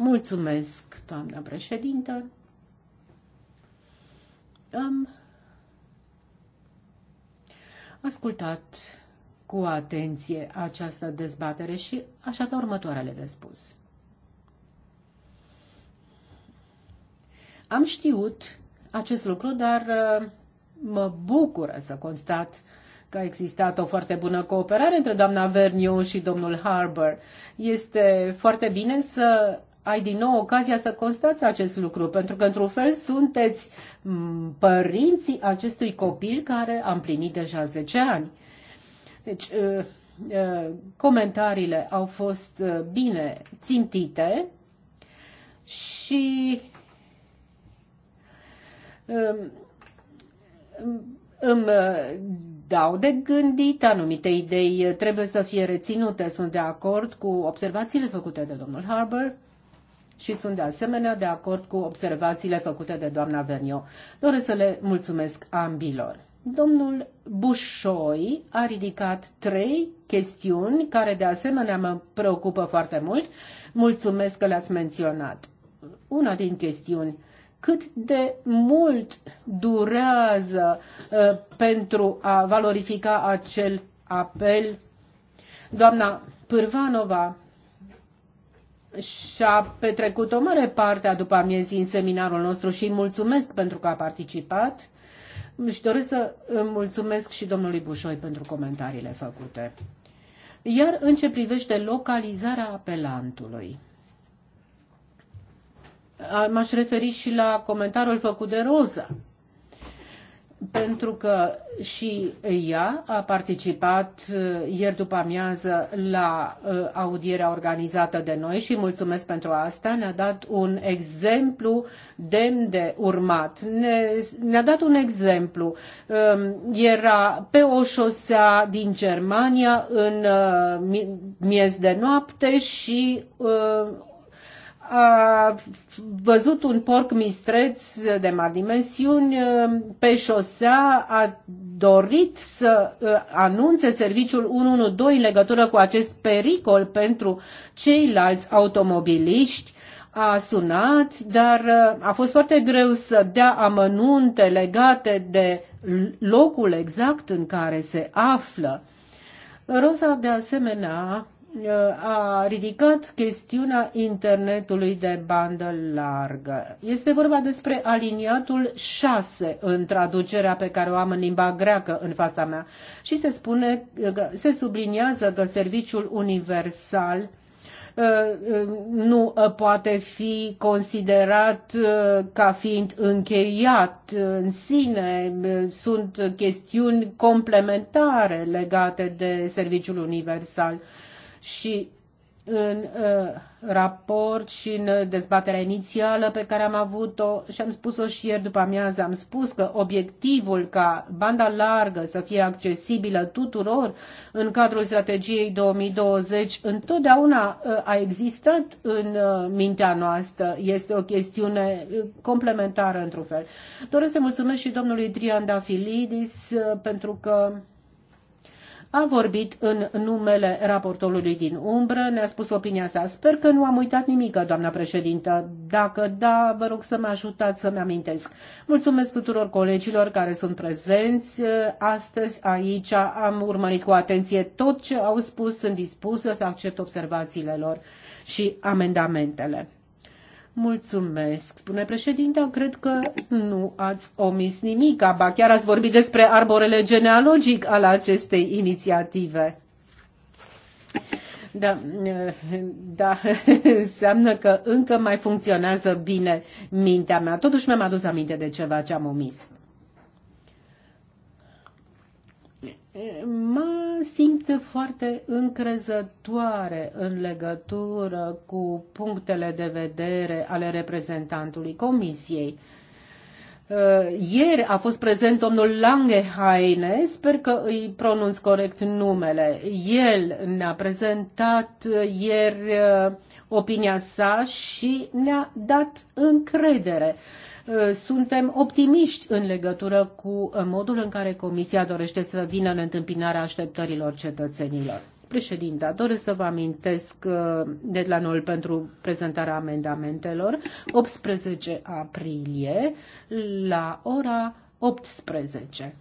Mulțumesc, doamna președintă. Am ascultat cu atenție această dezbatere și așa așadar următoarele de spus. Am știut acest lucru, dar uh, mă bucură să constat că a existat o foarte bună cooperare între doamna Verniu și domnul Harbour. Este foarte bine să ai din nou ocazia să constați acest lucru, pentru că într-un fel sunteți părinții acestui copil care a împlinit deja 10 ani. Deci, uh, uh, comentariile au fost uh, bine țintite și um, îmi dau de gândit anumite idei, trebuie să fie reținute. Sunt de acord cu observațiile făcute de domnul Harbour și sunt de asemenea de acord cu observațiile făcute de doamna Vernio. Doresc să le mulțumesc ambilor. Domnul Bușoi a ridicat trei chestiuni care de asemenea mă preocupă foarte mult. Mulțumesc că le-ați menționat. Una din chestiuni cât de mult durează uh, pentru a valorifica acel apel. Doamna Pârvanova și-a petrecut o mare parte a după amiezii în seminarul nostru și îi mulțumesc pentru că a participat și doresc să mulțumesc și domnului Bușoi pentru comentariile făcute. Iar în ce privește localizarea apelantului, m-aș referi și la comentariul făcut de Roza pentru că și ea a participat uh, ieri după amiază la uh, audierea organizată de noi și mulțumesc pentru asta. Ne-a dat un exemplu demn de urmat. Ne, ne-a dat un exemplu. Um, era pe o șosea din Germania în uh, miez de noapte și a văzut un porc mistreț de mari dimensiuni pe șosea, a dorit să anunțe serviciul 112 în legătură cu acest pericol pentru ceilalți automobiliști a sunat, dar a fost foarte greu să dea amănunte legate de locul exact în care se află. Rosa, de asemenea, Uh, a ridicat chestiunea internetului de bandă largă. Este vorba despre aliniatul 6 în traducerea pe care o am în limba greacă în fața mea și se spune, se subliniază că serviciul universal uh, uh, nu poate fi considerat ca fiind încheiat în sine. Sunt chestiuni complementare legate de serviciul universal și în uh, raport și în dezbaterea inițială pe care am avut-o și am spus-o și ieri după amiază, am spus că obiectivul ca banda largă să fie accesibilă tuturor în cadrul strategiei 2020 întotdeauna uh, a existat în uh, mintea noastră. Este o chestiune uh, complementară într-un fel. Doresc să mulțumesc și domnului Trian Dafilidis uh, pentru că a vorbit în numele raportorului din umbră, ne-a spus opinia sa. Sper că nu am uitat nimic, doamna președintă. Dacă da, vă rog să mă ajutați să-mi amintesc. Mulțumesc tuturor colegilor care sunt prezenți uh, astăzi aici. Am urmărit cu atenție tot ce au spus, sunt dispusă să accept observațiile lor și amendamentele. Mulțumesc, spune președintea, cred că nu ați omis nimic, ba chiar ați vorbit despre arborele genealogic al acestei inițiative. Da, da, înseamnă că încă mai funcționează bine mintea mea. Totuși mi-am adus aminte de ceva ce am omis. mă simt foarte încrezătoare în legătură cu punctele de vedere ale reprezentantului Comisiei. Uh, ieri a fost prezent domnul Haine, sper că îi pronunț corect numele. El ne-a prezentat ieri uh, opinia sa și ne-a dat încredere Uh, suntem optimiști în legătură cu uh, modul în care Comisia dorește să vină în întâmpinarea așteptărilor cetățenilor. Președinta, doresc să vă amintesc uh, deadline-ul pentru prezentarea amendamentelor, 18 aprilie la ora 18.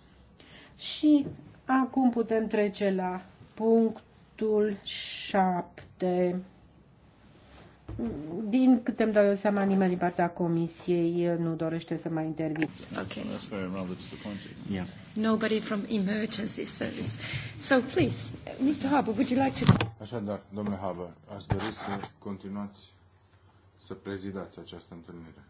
Și acum putem trece la punctul 7. Din câte îmi dau eu seama, nimeni din partea comisiei eh, nu dorește să mai intervină. Okay. That's very rather disappointing. Yeah. Nobody from emergency service. So please, Mr. Harbour, would you like to... Așadar, domnule Harbour, aș dori să continuați să prezidați această întâlnire.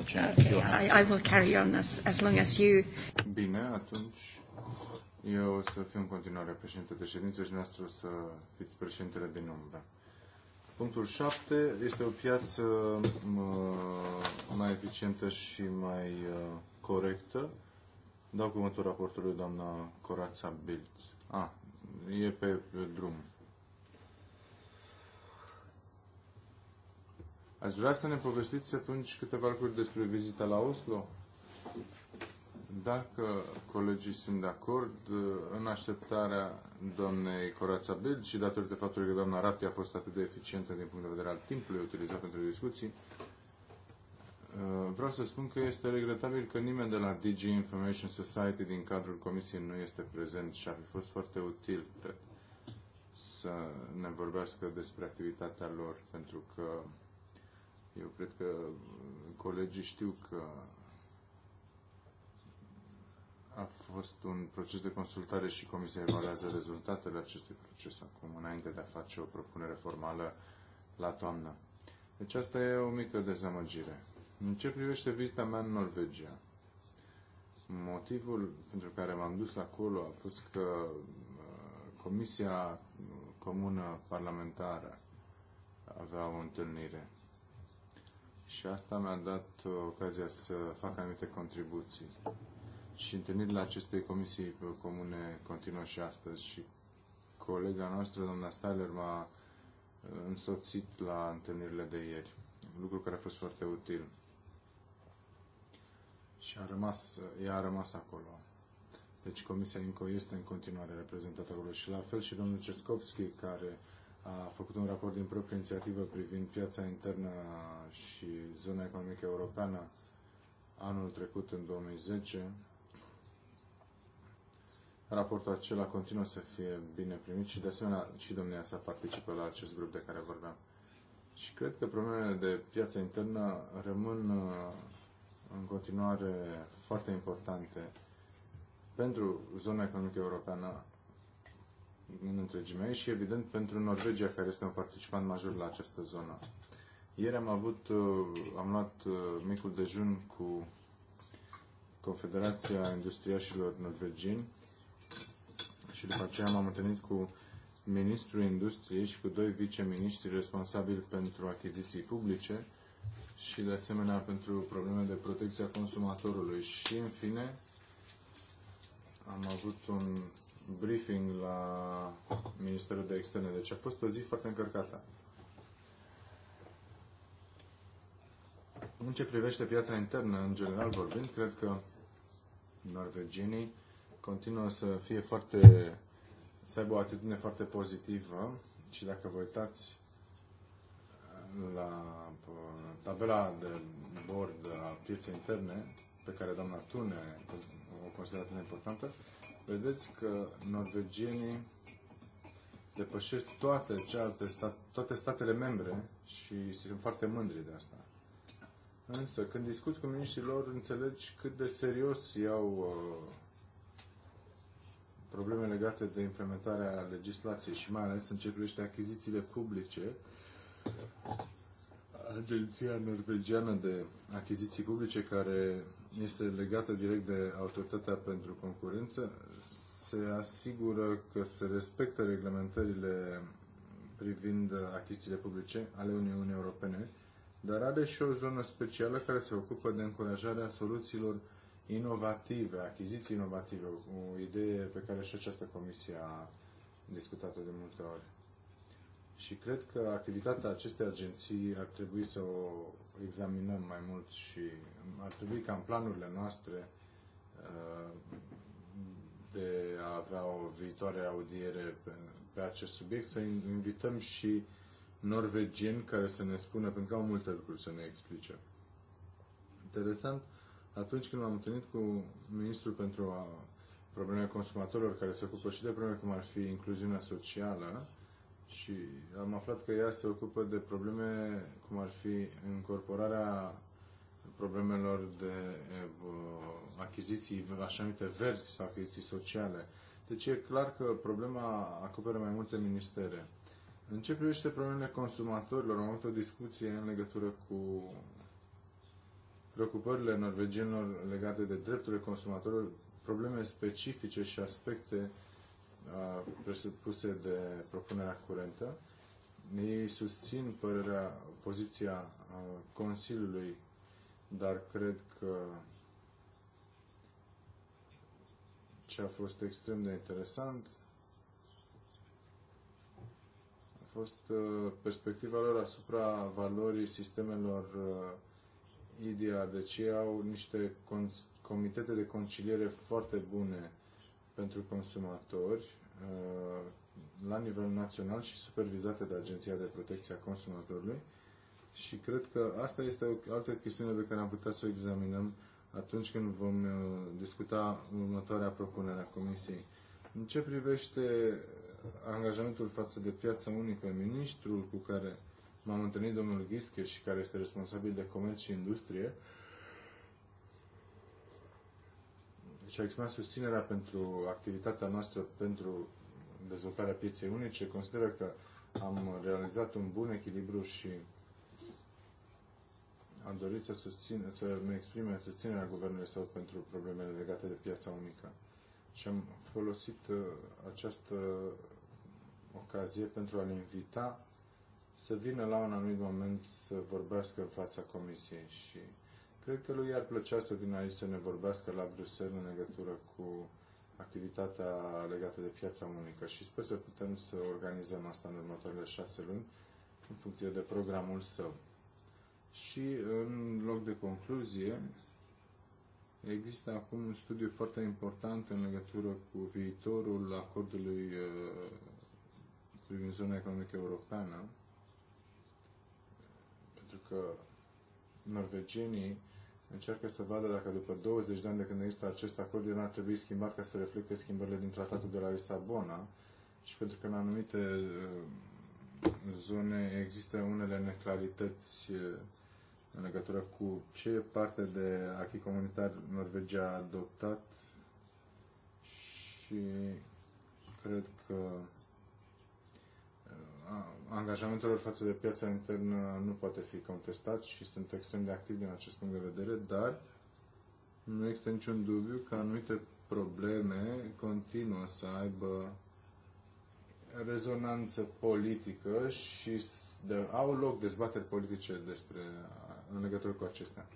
Okay, I, I will carry on as, as long as you... Bine, atunci eu o să fiu în continuare președinte de ședință și noastră o să fiți președintele din umbră. Punctul 7 este o piață mai eficientă și mai uh, corectă. Dau cuvântul raportului doamna Corața Bild. A, e pe, pe drum. Aș vrea să ne povestiți atunci câteva lucruri despre vizita la Oslo. Dacă colegii sunt de acord, în așteptarea doamnei Corața Bild și datorită faptului că doamna Rapti a fost atât de eficientă din punct de vedere al timpului utilizat pentru discuții, vreau să spun că este regretabil că nimeni de la DG Information Society din cadrul comisiei nu este prezent și ar fi fost foarte util, cred, să ne vorbească despre activitatea lor, pentru că eu cred că colegii știu că a fost un proces de consultare și Comisia evaluează rezultatele acestui proces acum, înainte de a face o propunere formală la toamnă. Deci asta e o mică dezamăgire. În ce privește vizita mea în Norvegia? Motivul pentru care m-am dus acolo a fost că uh, Comisia Comună Parlamentară avea o întâlnire și asta mi-a dat ocazia să fac anumite contribuții și întâlnirile acestei comisii comune continuă și astăzi și colega noastră, doamna Staler m-a uh, însoțit la întâlnirile de ieri, lucru care a fost foarte util. Și a rămas, ea a rămas acolo. Deci Comisia INCO este în continuare reprezentată acolo și la fel și domnul Cescovski, care a făcut un raport din proprie inițiativă privind piața internă și zona economică europeană anul trecut, în 2010, raportul acela continuă să fie bine primit și de asemenea și domnia sa participă la acest grup de care vorbeam. Și cred că problemele de piața internă rămân uh, în continuare foarte importante pentru zona economică europeană în întregime și evident pentru Norvegia care este un participant major la această zonă. Ieri am avut, uh, am luat uh, micul dejun cu Confederația Industriașilor Norvegini și după aceea m-am întâlnit cu ministrul industriei și cu doi viceministri responsabili pentru achiziții publice și de asemenea pentru probleme de protecție a consumatorului. Și în fine am avut un briefing la Ministerul de Externe, deci a fost o zi foarte încărcată. În ce privește piața internă, în general vorbind, cred că norvegienii continuă să fie foarte, să aibă o atitudine foarte pozitivă și dacă vă uitați uh, la uh, tabela de bord a pieței interne, pe care doamna Tune o consideră atât importantă, vedeți că norvegienii depășesc toate, cealaltă toate statele membre și sunt foarte mândri de asta. Însă, când discuți cu miniștrii lor, înțelegi cât de serios iau uh, probleme legate de implementarea legislației și mai ales în ce privește achizițiile publice, Agenția Norvegiană de Achiziții Publice, care este legată direct de Autoritatea pentru Concurență, se asigură că se respectă reglementările privind achizițiile publice ale Uniunii Europene, dar are și o zonă specială care se ocupă de încurajarea soluțiilor inovative, achiziții inovative, o idee pe care și această comisie a discutat-o de multe ori. Și cred că activitatea acestei agenții ar trebui să o examinăm mai mult și ar trebui ca în planurile noastre uh, de a avea o viitoare audiere pe, pe acest subiect, să invităm și norvegieni care să ne spună, pentru că au multe lucruri să ne explice. Interesant atunci când m-am întâlnit cu ministrul pentru problemele consumatorilor care se ocupă și de probleme cum ar fi incluziunea socială și am aflat că ea se ocupă de probleme cum ar fi incorporarea problemelor de achiziții, așa numite verzi sau achiziții sociale. Deci e clar că problema acoperă mai multe ministere. În ce privește problemele consumatorilor, am avut o discuție în legătură cu preocupările norvegienilor legate de drepturile consumatorilor, probleme specifice și aspecte uh, presupuse de propunerea curentă. Ei susțin părerea, poziția uh, Consiliului, dar cred că ce a fost extrem de interesant a fost uh, perspectiva lor asupra valorii sistemelor IDR, deci ei au niște comitete de conciliere foarte bune pentru consumatori uh, la nivel național și supervizate de Agenția de Protecție a Consumatorului și cred că asta este o altă chestiune pe care am putea să o examinăm atunci când vom uh, discuta următoarea propunere a Comisiei. În ce privește angajamentul față de piața unică, ministrul cu care m-am întâlnit domnul Ghischer și care este responsabil de comerț și industrie și a exprimat susținerea pentru activitatea noastră pentru dezvoltarea pieței unice. Consideră că am realizat un bun echilibru și am dorit să, susțin, să ne exprime susținerea guvernului său pentru problemele legate de piața unică. Și am folosit uh, această ocazie pentru a-l invita să vină la un anumit moment să vorbească în fața comisiei și cred că lui ar plăcea să vină aici să ne vorbească la Bruxelles în legătură cu activitatea legată de piața unică și sper să putem să organizăm asta în următoarele șase luni în funcție de programul său. Și în loc de concluzie, există acum un studiu foarte important în legătură cu viitorul acordului eh, privind zona economică europeană pentru că norvegienii încearcă să vadă dacă după 20 de ani de când există acest acord, el ar trebui schimbat ca să reflecte schimbările din tratatul de la Lisabona și pentru că în anumite uh, zone există unele neclarități uh, în legătură cu ce parte de acquis comunitar Norvegia a adoptat și cred că angajamentelor față de piața internă nu poate fi contestat și sunt extrem de activ din acest punct de vedere, dar nu există niciun dubiu că anumite probleme continuă să aibă rezonanță politică și de, au loc dezbateri politice despre, în legătură cu acestea.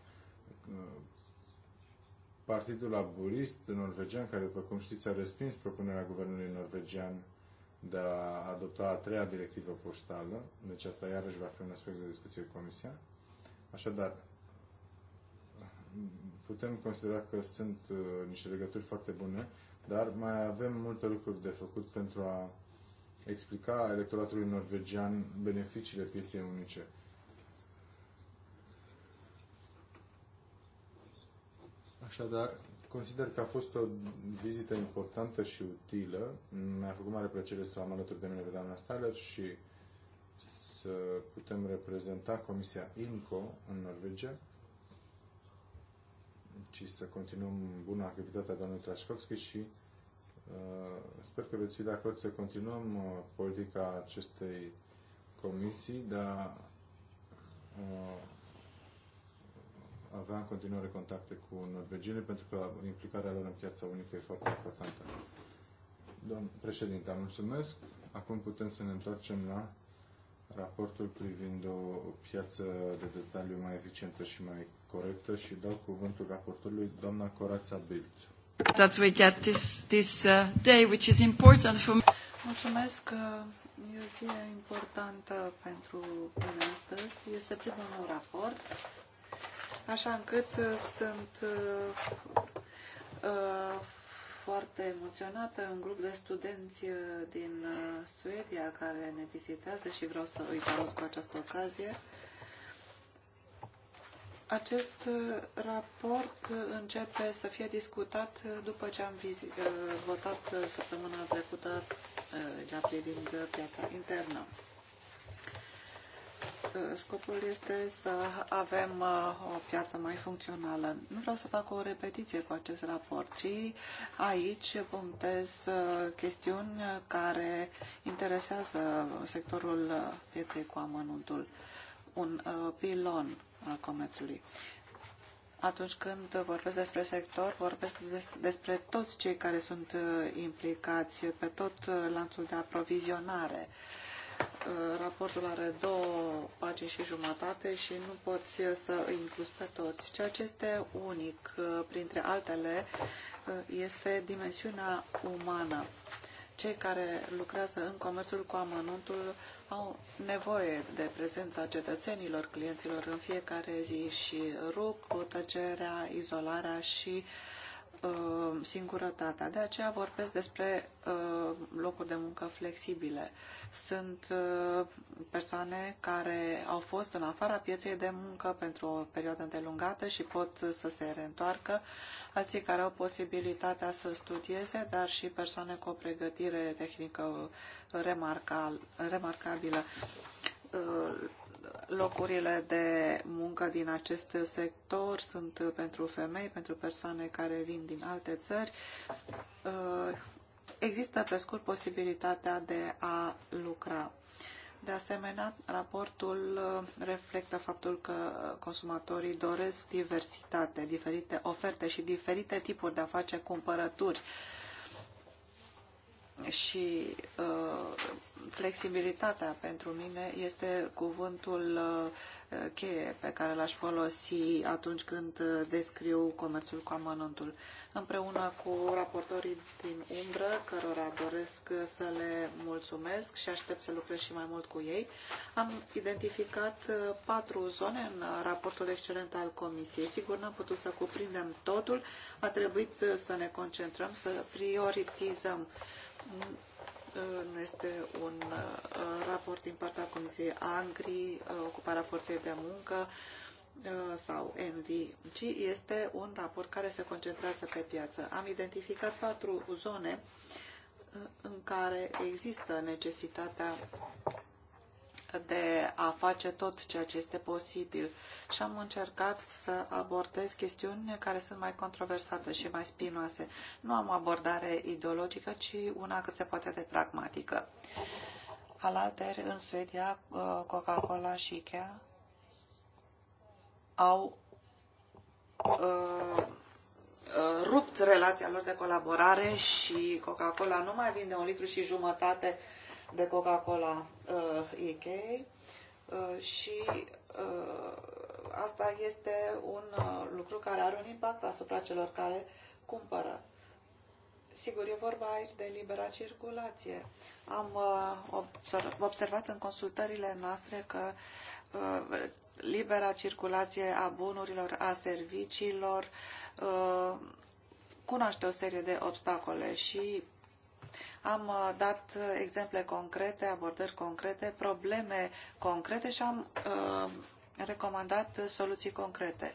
Partidul Laburist norvegian, care, după cum știți, a respins propunerea guvernului norvegian de a adopta a treia directivă poștală, deci asta iarăși va fi un aspect de discuție cu Comisia. Așadar, putem considera că sunt uh, niște legături foarte bune, dar mai avem multe lucruri de făcut pentru a explica electoratului norvegian beneficiile pieței unice. Așadar, Consider că a fost o vizită importantă și utilă. Mi-a făcut mare plăcere să am alături de mine pe doamna Staller și să putem reprezenta Comisia INCO în Norvegia și să continuăm bună activitatea domnului Trașkovski și uh, sper că veți fi de acord să continuăm uh, politica acestei comisii, dar uh, avea în continuare contacte cu norvegienii, pentru că implicarea lor în piața unică e foarte importantă. Domn președinte, mulțumesc. Acum putem să ne întoarcem la raportul privind o piață de detaliu mai eficientă și mai corectă și dau cuvântul raportului doamna Corața Bild. That we get this, this uh, day, which is important for me. Mulțumesc că uh, e o zi importantă pentru mine astăzi. Este primul meu raport așa încât uh, sunt uh, uh, foarte emoționată, un grup de studenți din Suedia care ne vizitează și vreau să îi salut cu această ocazie. Acest raport începe să fie discutat după ce am votat săptămâna trecută legea privind piața internă. Scopul este să avem uh, o piață mai funcțională. Nu vreau să fac o repetiție cu acest raport, ci aici punctez uh, chestiuni care interesează sectorul uh, pieței cu amănuntul, un pilon al comerțului. Atunci când vorbesc despre sector, vorbesc despre toți cei care sunt implicați pe tot lanțul de aprovizionare raportul are două pagini și jumătate și nu poți să îi incluzi pe toți. Ceea ce este unic, uh, printre altele, uh, este dimensiunea umană. Cei care lucrează în comerțul cu amănuntul au nevoie de prezența cetățenilor, clienților în fiecare zi și rug, tăcerea, izolarea și uh, uh, singurătatea. De aceea vorbesc despre uh, locuri de muncă flexibile. Sunt uh, persoane care au fost în afara pieței de muncă pentru o perioadă îndelungată și pot să se reîntoarcă, alții care au posibilitatea să studieze, dar și persoane cu o pregătire tehnică remarca, remarcabilă uh, locurile de muncă din acest sector sunt pentru femei, pentru persoane care vin din alte țări. Uh, există, pe scurt, posibilitatea de a lucra. De asemenea, raportul uh, reflectă faptul că consumatorii doresc diversitate, diferite oferte și diferite tipuri de a face cumpărături. Uh, și uh, flexibilitatea pentru mine este cuvântul uh, cheie pe care l-aș folosi atunci când uh, descriu comerțul cu amănuntul. Împreună cu raportorii din umbră, cărora doresc uh, să le mulțumesc și aștept să lucrez și mai mult cu ei, am identificat uh, patru zone în raportul excelent al Comisiei. Sigur, n-am putut să cuprindem totul, a trebuit să ne concentrăm, să prioritizăm uh, nu este un uh, raport din partea Comisiei Angri, uh, ocuparea forței de muncă uh, sau ENVI, ci este un raport care se concentrează pe piață. Am identificat patru zone în care există necesitatea de a face tot ceea ce este posibil și am încercat să abordez chestiuni care sunt mai controversate și mai spinoase. Nu am abordare ideologică, ci una cât se poate de pragmatică. Alater, în Suedia, uh, Coca-Cola și Ikea au uh, uh, rupt relația lor de colaborare și Coca-Cola nu mai vinde un litru și jumătate uh, de Coca-Cola uh, UK uh, și uh, asta este un uh, lucru care are un impact asupra celor care cumpără. Sigur, e vorba aici de libera circulație. Am uh, observat în consultările noastre că uh, libera circulație a bunurilor, a serviciilor, uh, cunoaște o serie de obstacole și am uh, dat uh, exemple concrete, abordări concrete, probleme concrete și am uh, recomandat uh, soluții concrete.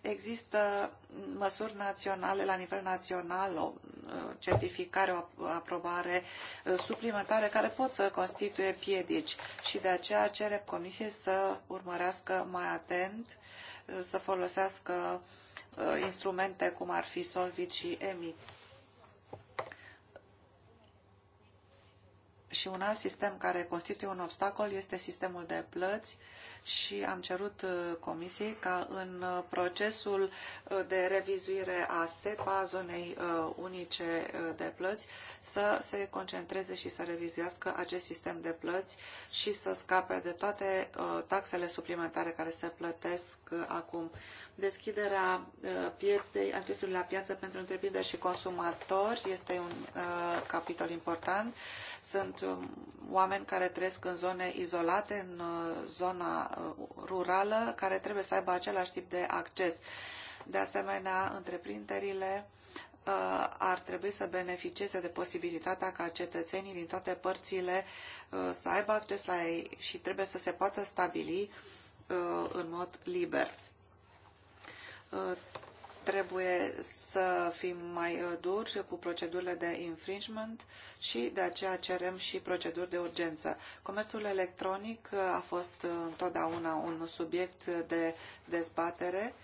Există măsuri naționale, la nivel național, o certificare, o aprobare suplimentare care pot să constituie piedici și de aceea cerem Comisiei să urmărească mai atent, să folosească uh, Uh, instrumente cum ar fi Solvit și EMI. Și un alt sistem care constituie un obstacol este sistemul de plăți și am cerut uh, comisiei ca în uh, procesul uh, de revizuire a SEPA, zonei unice de plăți, să se concentreze și să revizuiască acest sistem de plăți și să scape de toate taxele suplimentare care se plătesc acum. Deschiderea pieței, accesului la piață pentru întreprinderi și consumatori este un capitol important. Sunt Uh, oameni care trăiesc în zone izolate, în uh, zona uh, rurală, care trebuie să aibă același tip de acces. De asemenea, întreprinderile ar trebui să beneficieze de posibilitatea ca cetățenii din toate părțile să aibă acces la ei și trebuie să se poată stabili în mod liber Trebuie să fim mai uh, duri cu procedurile de infringement și de aceea cerem și proceduri de urgență. Comerțul electronic uh, a fost uh, întotdeauna un subiect de dezbatere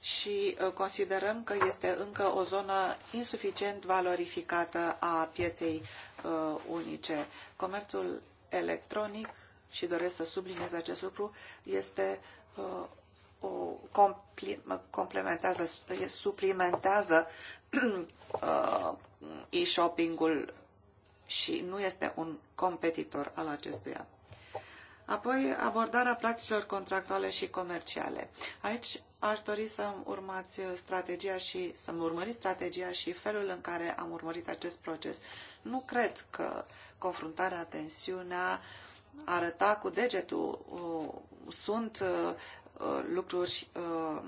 și considerăm că este încă o zonă insuficient valorificată a pieței unice. Comerțul electronic, și doresc să subliniez acest lucru, este o complementează, suplimentează uh, e-shopping-ul și nu este un competitor al acestuia. Apoi, abordarea practicilor contractuale și comerciale. Aici aș dori să urmați strategia și să urmăriți strategia și felul în care am urmărit acest proces. Nu cred că confruntarea, tensiunea, arăta cu degetul uh, sunt uh, Uh, lucruri uh,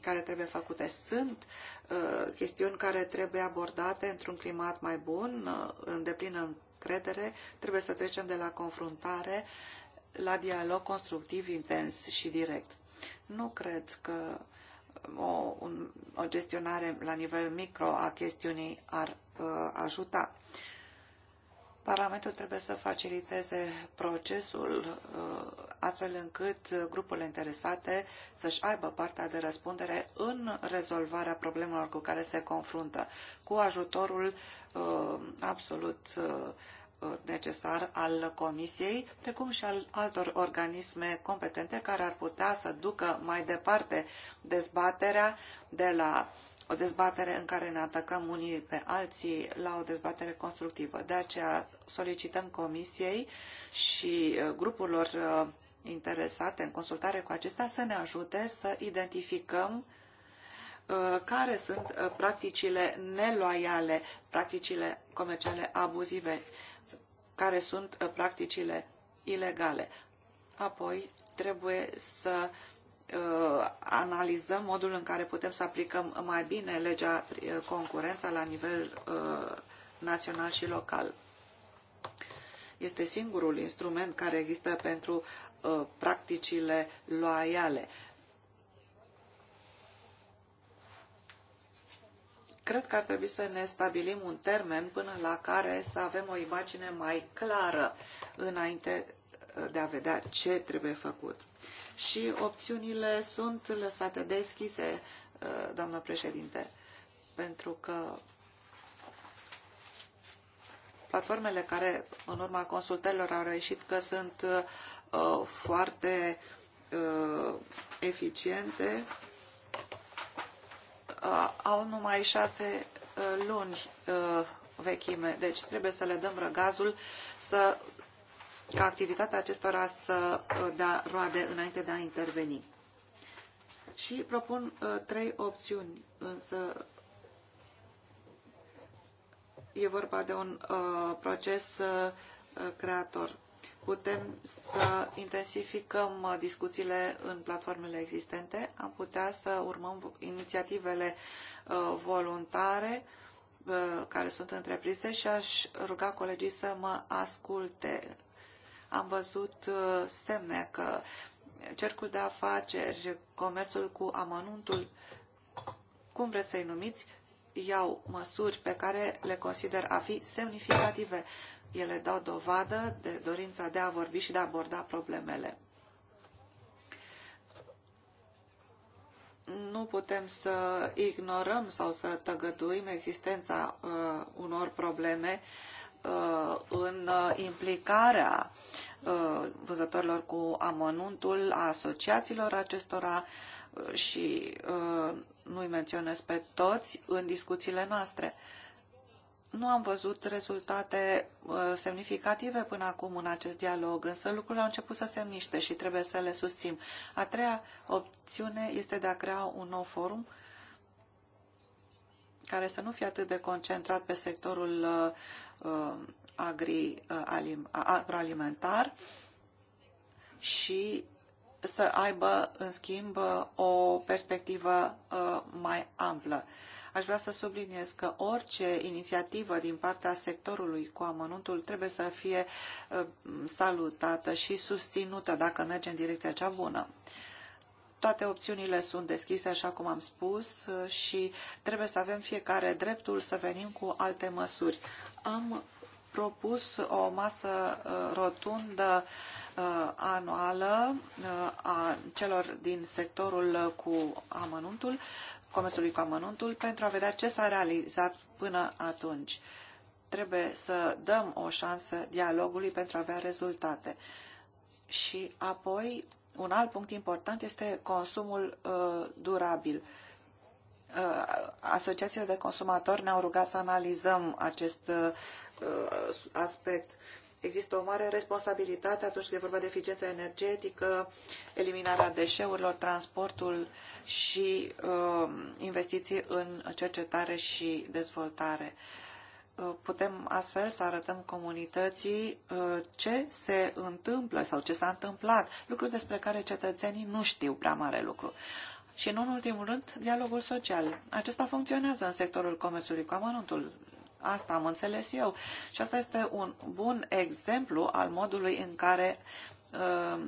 care trebuie făcute. Sunt uh, chestiuni care trebuie abordate într-un climat mai bun, în deplină încredere. Trebuie să trecem de la confruntare la dialog constructiv, intens și direct. Nu cred că um, o, un, o gestionare la nivel micro a chestiunii ar uh, ajuta. Uh, Parlamentul trebuie să faciliteze procesul uh, astfel încât grupurile interesate să-și aibă partea de răspundere în rezolvarea problemelor cu care se confruntă, cu ajutorul uh, absolut uh, necesar al Comisiei, precum și al altor organisme competente care ar putea să ducă mai departe dezbaterea de la o dezbatere în care ne atacăm unii pe alții la o dezbatere constructivă. De aceea solicităm Comisiei și uh, grupurilor uh, interesate în consultare cu acestea să ne ajute să identificăm uh, care sunt practicile neloiale, practicile comerciale abuzive, care sunt practicile ilegale. Apoi trebuie să Uh, analizăm modul în care putem să aplicăm mai bine legea uh, concurența la nivel uh, național și local. Este singurul instrument care există pentru practicile loiale. Cred că ar trebui să ne stabilim un termen până la care să avem o imagine mai clară înainte de a vedea ce trebuie făcut. Și opțiunile sunt lăsate deschise, uh, doamnă președinte, pentru că platformele care în urma consultărilor au reușit că sunt uh, foarte uh, eficiente au numai șase luni vechime, deci trebuie să le dăm răgazul să ca activitatea acestora să uh, dea roade înainte de a interveni. Și propun uh, trei opțiuni, însă e vorba de un uh, proces uh, creator. Putem să intensificăm uh, discuțiile în platformele existente, am putea să urmăm inițiativele uh, voluntare care sunt întreprise și aș ruga colegii să mă asculte am văzut uh, semne că cercul de afaceri, comerțul cu amănuntul, cum vreți să-i numiți, iau măsuri pe care le consider a fi semnificative. Ele dau dovadă de dorința de a vorbi și de a aborda problemele. Nu putem să ignorăm sau să tăgăduim existența uh, unor probleme uh, Uh, în uh, implicarea uh, vânzătorilor cu amănuntul, a asociațiilor acestora și nu-i menționez pe toți în discuțiile noastre. Nu am văzut rezultate semnificative până acum în acest dialog, însă lucrurile au început să se miște și trebuie să le susțin. A treia opțiune este de a crea un nou forum care să nu fie atât de concentrat pe sectorul Uh, agri, uh, agroalimentar și să aibă, în schimb, o perspectivă uh, mai amplă. Aș vrea să subliniez că orice inițiativă din partea sectorului cu amănuntul trebuie să fie salutată și susținută dacă merge în direcția cea bună. Toate opțiunile sunt deschise, așa cum am spus, și trebuie să avem fiecare dreptul să venim cu alte măsuri. Am propus o masă uh, rotundă uh, anuală uh, a celor din sectorul cu amănuntul, comerțului cu amănuntul, pentru a vedea ce s-a realizat până atunci. Trebuie să dăm o șansă dialogului pentru a avea rezultate. Și apoi un alt punct important este consumul uh, durabil. Uh, asociațiile de consumatori ne-au rugat să analizăm acest uh, uh aspect. Există o mare responsabilitate atunci când e vorba de eficiența energetică, eliminarea deșeurilor, transportul și uh, investiții în cercetare și dezvoltare. Uh, Uh, putem astfel să arătăm comunității uh, ce se întâmplă sau ce s-a întâmplat, lucruri despre care cetățenii nu știu prea mare lucru. Și în ultimul rând, dialogul social. Acesta funcționează în sectorul comerțului cu amănuntul. Asta am înțeles eu. Și asta este un bun exemplu al modului în care uh,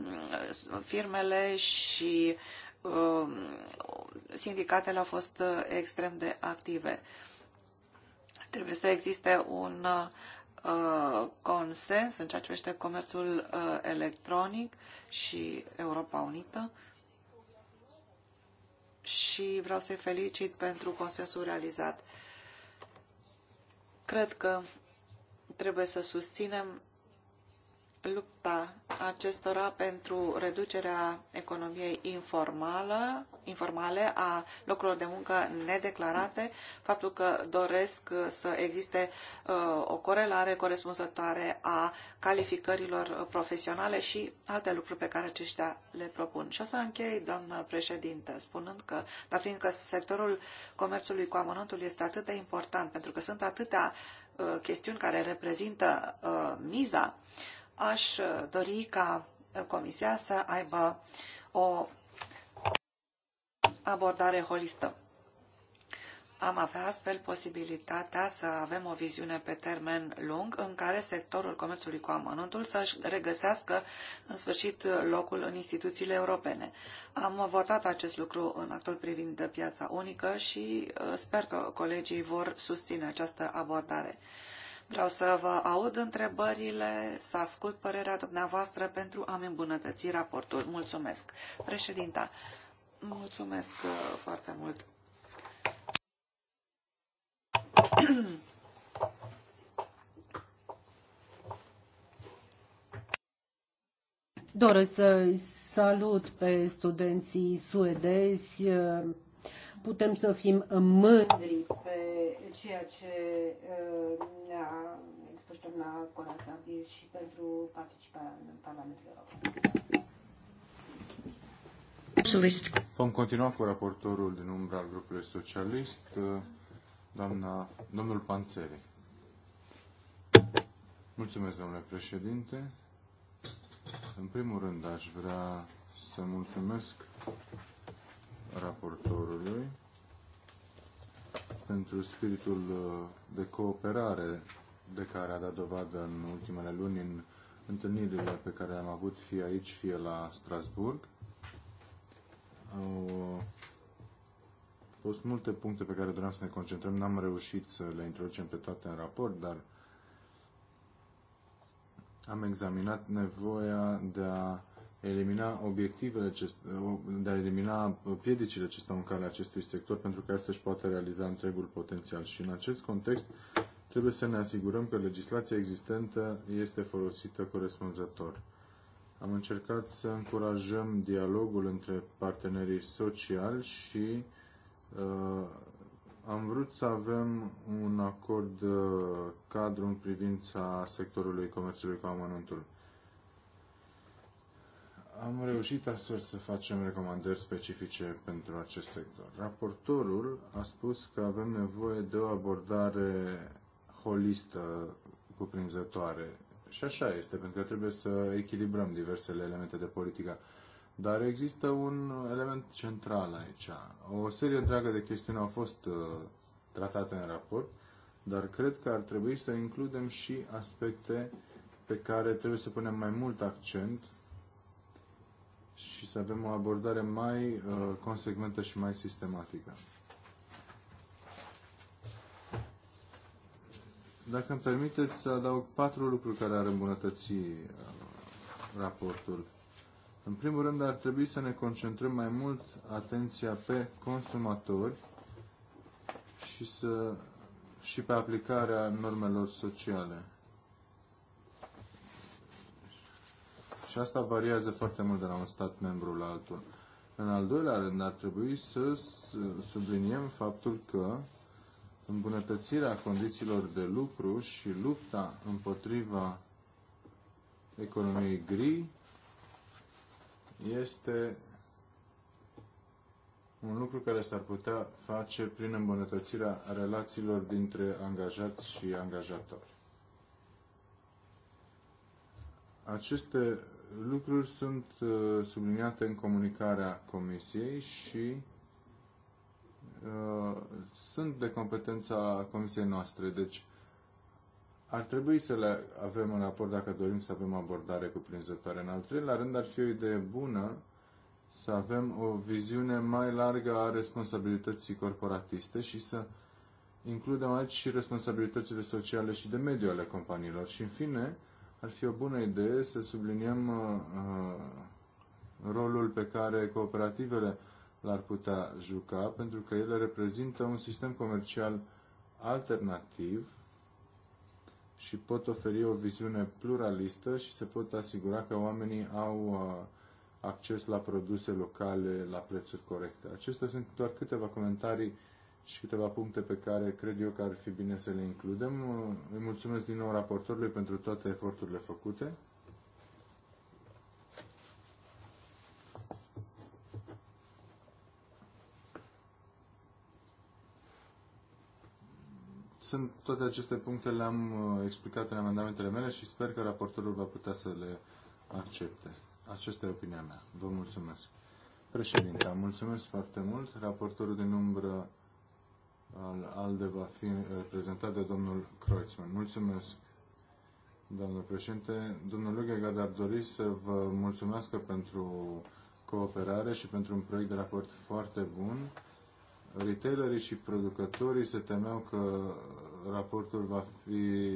firmele și uh, sindicatele au fost uh, extrem de active. Uh, Trebuie să existe un uh, consens în ceea ce privește comerțul uh, electronic și Europa Unită și vreau să-i felicit pentru consensul realizat. Cred că trebuie să susținem lupta acestora pentru reducerea economiei informală, informale, a locurilor de muncă nedeclarate, faptul că doresc să existe uh, o corelare corespunzătoare a calificărilor profesionale și alte lucruri pe care aceștia le propun. Și o să închei, doamnă președintă, spunând că, dar fiindcă sectorul comerțului cu amănuntul este atât de important, pentru că sunt atâtea uh, chestiuni care reprezintă uh, miza, uh, aș uh, dori ca uh, Comisia să aibă o abordare holistă. Am avea astfel posibilitatea să avem o viziune pe termen lung în care sectorul comerțului cu amănuntul să-și regăsească în sfârșit locul în instituțiile europene. Am votat acest lucru în actul privind piața unică și uh, sper că colegii vor susține această abordare. Vreau să vă aud întrebările, să ascult părerea dumneavoastră pentru a-mi îmbunătăți raportul. Mulțumesc. Președinta, mulțumesc uh, foarte mult. Doresc să salut pe studenții suedezi uh, putem să fim mândri pe ceea ce uh, ne-a expus doamna Corața și pentru participarea în Parlamentul European. Socialist. Vom continua cu raportorul din umbra al grupului socialist, uh, doamna, domnul Panțeri. Mulțumesc, domnule președinte. În primul rând, aș vrea să mulțumesc raportorului pentru spiritul uh, de cooperare de care a dat dovadă în ultimele luni în întâlnirile pe care le-am avut fie aici, fie la Strasburg. Au uh, fost multe puncte pe care doream să ne concentrăm. N-am reușit să le introducem pe toate în raport, dar am examinat nevoia de a elimina obiectivele de a elimina piedicile stau în calea acestui sector pentru ca să-și poată realiza întregul potențial. Și în acest context trebuie să ne asigurăm că legislația existentă este folosită corespunzător. Am încercat să încurajăm dialogul între partenerii sociali și uh, am vrut să avem un acord uh, cadru în privința sectorului comerțului cu amănuntul am reușit astfel să facem recomandări specifice pentru acest sector. Raportorul a spus că avem nevoie de o abordare holistă, cuprinzătoare. Și așa este, pentru că trebuie să echilibrăm diversele elemente de politică. Dar există un element central aici. O serie întreagă de chestiuni au fost uh, tratate în raport, dar cred că ar trebui să includem și aspecte pe care trebuie să punem mai mult accent și să avem o abordare mai uh, consecventă și mai sistematică. Dacă îmi permiteți să adaug patru lucruri care ar îmbunătăți uh, raportul. În primul rând, ar trebui să ne concentrăm mai mult atenția pe consumatori și, să, și pe aplicarea normelor sociale. Și asta variază foarte mult de la un stat membru la altul. În al doilea rând, ar trebui să subliniem faptul că îmbunătățirea condițiilor de lucru și lupta împotriva economiei gri este un lucru care s-ar putea face prin îmbunătățirea relațiilor dintre angajați și angajatori. Aceste lucruri sunt uh, subliniate în comunicarea Comisiei și uh, sunt de competența Comisiei noastre. Deci ar trebui să le avem în raport dacă dorim să avem abordare cuprinzătoare. În al treilea rând ar fi o idee bună să avem o viziune mai largă a responsabilității corporatiste și să includem aici și responsabilitățile sociale și de mediu ale companiilor. Și în fine, ar fi o bună idee să subliniem uh, uh, rolul pe care cooperativele l-ar putea juca, pentru că ele reprezintă un sistem comercial alternativ și pot oferi o viziune pluralistă și se pot asigura că oamenii au uh, acces la produse locale la prețuri corecte. Acestea sunt doar câteva comentarii uh, și câteva puncte pe care cred eu că ar fi bine să le includem. Îi mulțumesc din nou raportorului pentru toate eforturile făcute. Sunt toate aceste puncte, le-am uh, explicat în amendamentele mele și sper că raportorul va putea să le accepte. Aceasta e opinia mea. Vă mulțumesc. Președinte, mulțumesc foarte mult. Raportorul din umbră al ALDE va fi eh, prezentat de domnul Kreutzmann. Mulțumesc, domnul președinte. Domnul Lugegaard ar dori să vă mulțumesc pentru cooperare și pentru un proiect de raport foarte bun. Retailerii și producătorii se temeau că raportul va fi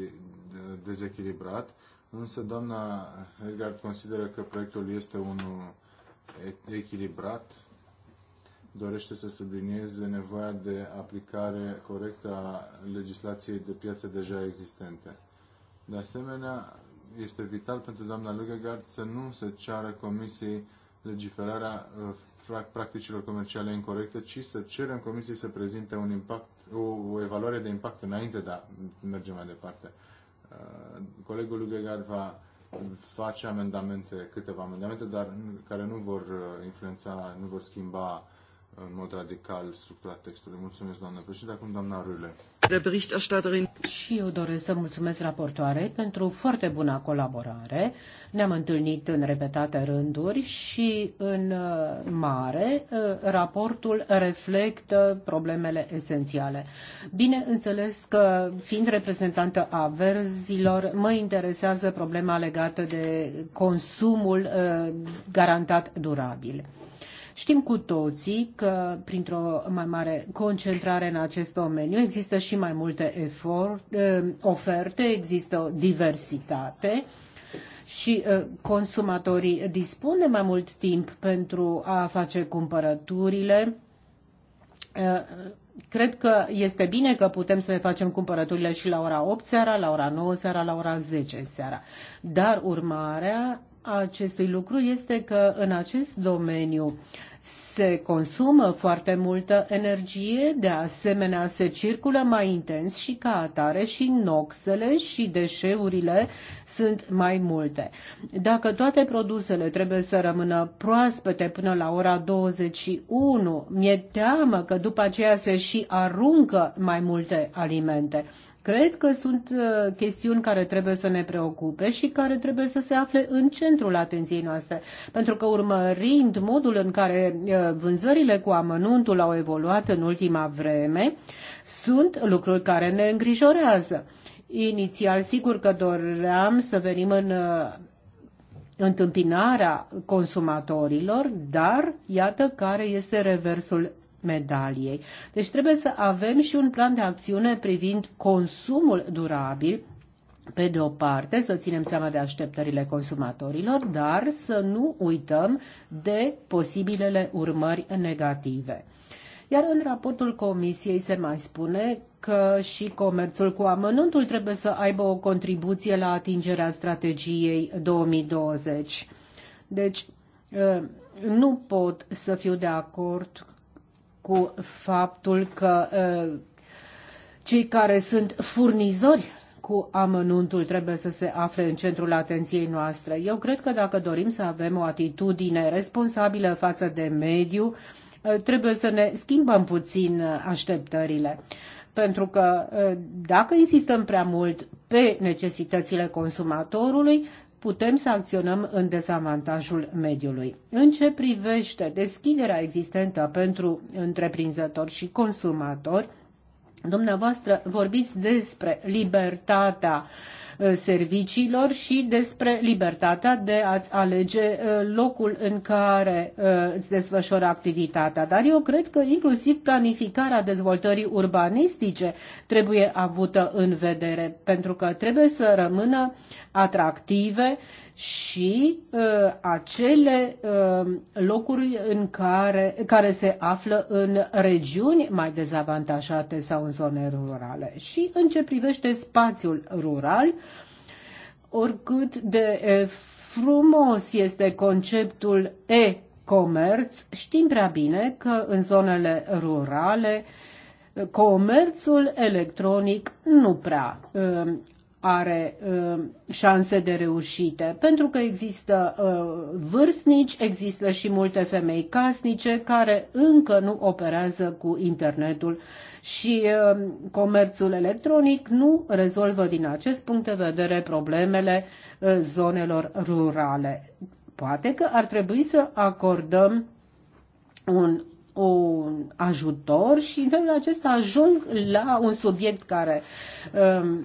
dezechilibrat, însă doamna Edgard consideră că proiectul este unul echilibrat, dorește să sublinieze nevoia de aplicare corectă a legislației de piață deja existente. De asemenea, este vital pentru doamna Lugegaard să nu se ceară comisiei legiferarea uh, practicilor comerciale incorrecte, ci să cerem comisiei să prezinte un impact, o evaluare de impact înainte de a merge mai departe. Uh, colegul Lugegaard va face amendamente, câteva amendamente, dar care nu vor uh, influența, nu vor schimba în mod radical structura textului. Mulțumesc, doamnă președinte. Acum, doamna Râle. Și eu doresc să mulțumesc raportoarei pentru foarte bună colaborare. Ne-am întâlnit în repetate rânduri și în uh, mare uh, raportul reflectă problemele esențiale. Bineînțeles că, fiind reprezentantă a verzilor, mă interesează problema legată de consumul uh, garantat durabil. Știm cu toții că printr-o mai mare concentrare în acest domeniu există și mai multe efort, eh, oferte, există o diversitate și eh, consumatorii dispun de mai mult timp pentru a face cumpărăturile. Eh, cred că este bine că putem să ne facem cumpărăturile și la ora 8 seara, la ora 9 seara, la ora 10 seara. Dar urmarea acestui lucru este că în acest domeniu se consumă foarte multă energie, de asemenea se circulă mai intens și ca atare și noxele și deșeurile sunt mai multe. Dacă toate produsele trebuie să rămână proaspete până la ora 21, mi-e teamă că după aceea se și aruncă mai multe alimente. Cred că sunt uh, chestiuni care trebuie să ne preocupe și care trebuie să se afle în centrul atenției noastre, pentru că urmărind modul în care uh, vânzările cu amănuntul au evoluat în ultima vreme, sunt lucruri care ne îngrijorează. Inițial, sigur că doream să venim în uh, întâmpinarea consumatorilor, dar iată care este reversul medaliei. Deci trebuie să avem și un plan de acțiune privind consumul durabil, pe de o parte, să ținem seama de așteptările consumatorilor, dar să nu uităm de posibilele urmări negative. Iar în raportul comisiei se mai spune că și comerțul cu amănuntul trebuie să aibă o contribuție la atingerea strategiei 2020. Deci, ă, nu pot să fiu de acord cu faptul că cei care sunt furnizori cu amănuntul trebuie să se afle în centrul atenției noastre. Eu cred că dacă dorim să avem o atitudine responsabilă față de mediu, trebuie să ne schimbăm puțin așteptările. Pentru că dacă insistăm prea mult pe necesitățile consumatorului, putem să acționăm în dezavantajul mediului. În ce privește deschiderea existentă pentru întreprinzători și consumatori, Dumneavoastră vorbiți despre libertatea uh, serviciilor și despre libertatea de a-ți alege uh, locul în care uh, îți desfășoară activitatea. Dar eu cred că inclusiv planificarea dezvoltării urbanistice trebuie avută în vedere, pentru că trebuie să rămână atractive și uh, acele uh, locuri în care, care se află în regiuni mai dezavantajate sau în zone rurale. Și în ce privește spațiul rural, oricât de frumos este conceptul e-comerț, știm prea bine că în zonele rurale comerțul electronic nu prea are uh, șanse de reușite, pentru că există uh, vârstnici, există și multe femei casnice care încă nu operează cu internetul și uh, comerțul electronic nu rezolvă din acest punct de vedere problemele zonelor rurale. Poate că ar trebui să acordăm un un ajutor și în felul acesta ajung la un subiect care um,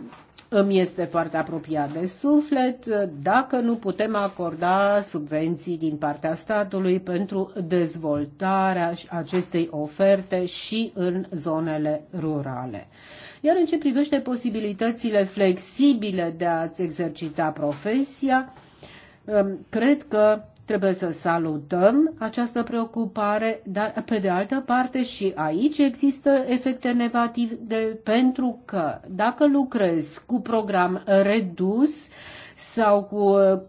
îmi este foarte apropiat de suflet dacă nu putem acorda subvenții din partea statului pentru dezvoltarea acestei oferte și în zonele rurale. Iar în ce privește posibilitățile flexibile de a-ți exercita profesia, um, cred că Trebuie să salutăm această preocupare, dar pe de altă parte și aici există efecte negative pentru că dacă lucrezi cu program redus, uh, sau cu uh,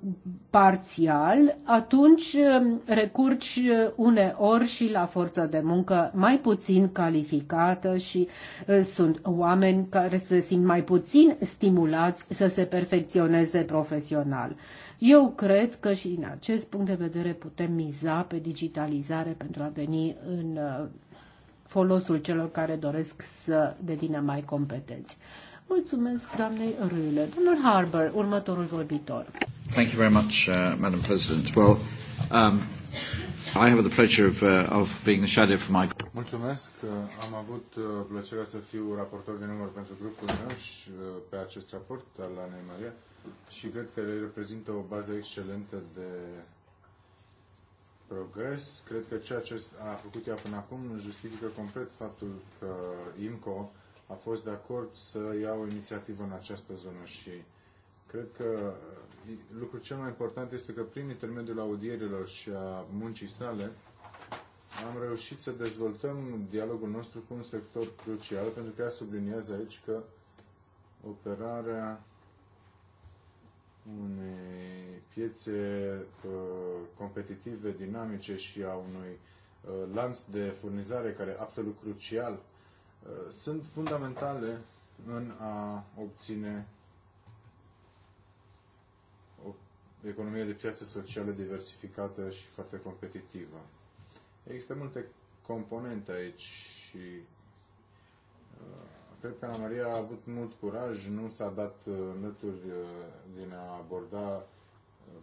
parțial, atunci uh, recurgi uh, uneori și la forța de muncă mai puțin calificată și sunt oameni care se simt mai puțin stimulați să se perfecționeze profesional. Eu cred că și din acest punct de vedere putem miza pe digitalizare pentru a veni în folosul celor care doresc să devină mai competenți. Mulțumesc, doamnei Râle. Domnul Harbour, următorul vorbitor. Thank you very much, uh, Madam President. Well, um, I have the pleasure of, uh, of being the shadow for my... Mulțumesc. Uh, am avut uh, plăcerea să fiu raportor de număr pentru grupul meu și uh, pe acest raport al Anei Maria și cred că reprezintă o bază excelentă de progres. Cred că ceea ce a făcut ea până acum justifică complet faptul că IMCO a fost de acord să ia o inițiativă în această zonă și cred că lucrul cel mai important este că prin intermediul audierilor și a muncii sale am reușit să dezvoltăm dialogul nostru cu un sector crucial, pentru că ea subliniază aici că operarea unei piețe uh, competitive, dinamice și a unui uh, lanț de furnizare care e absolut crucial Uh, sunt fundamentale în a obține o economie de piață socială diversificată și foarte competitivă. Există multe componente aici și uh, cred că Ana Maria a avut mult curaj, nu s-a dat uh, nături din a aborda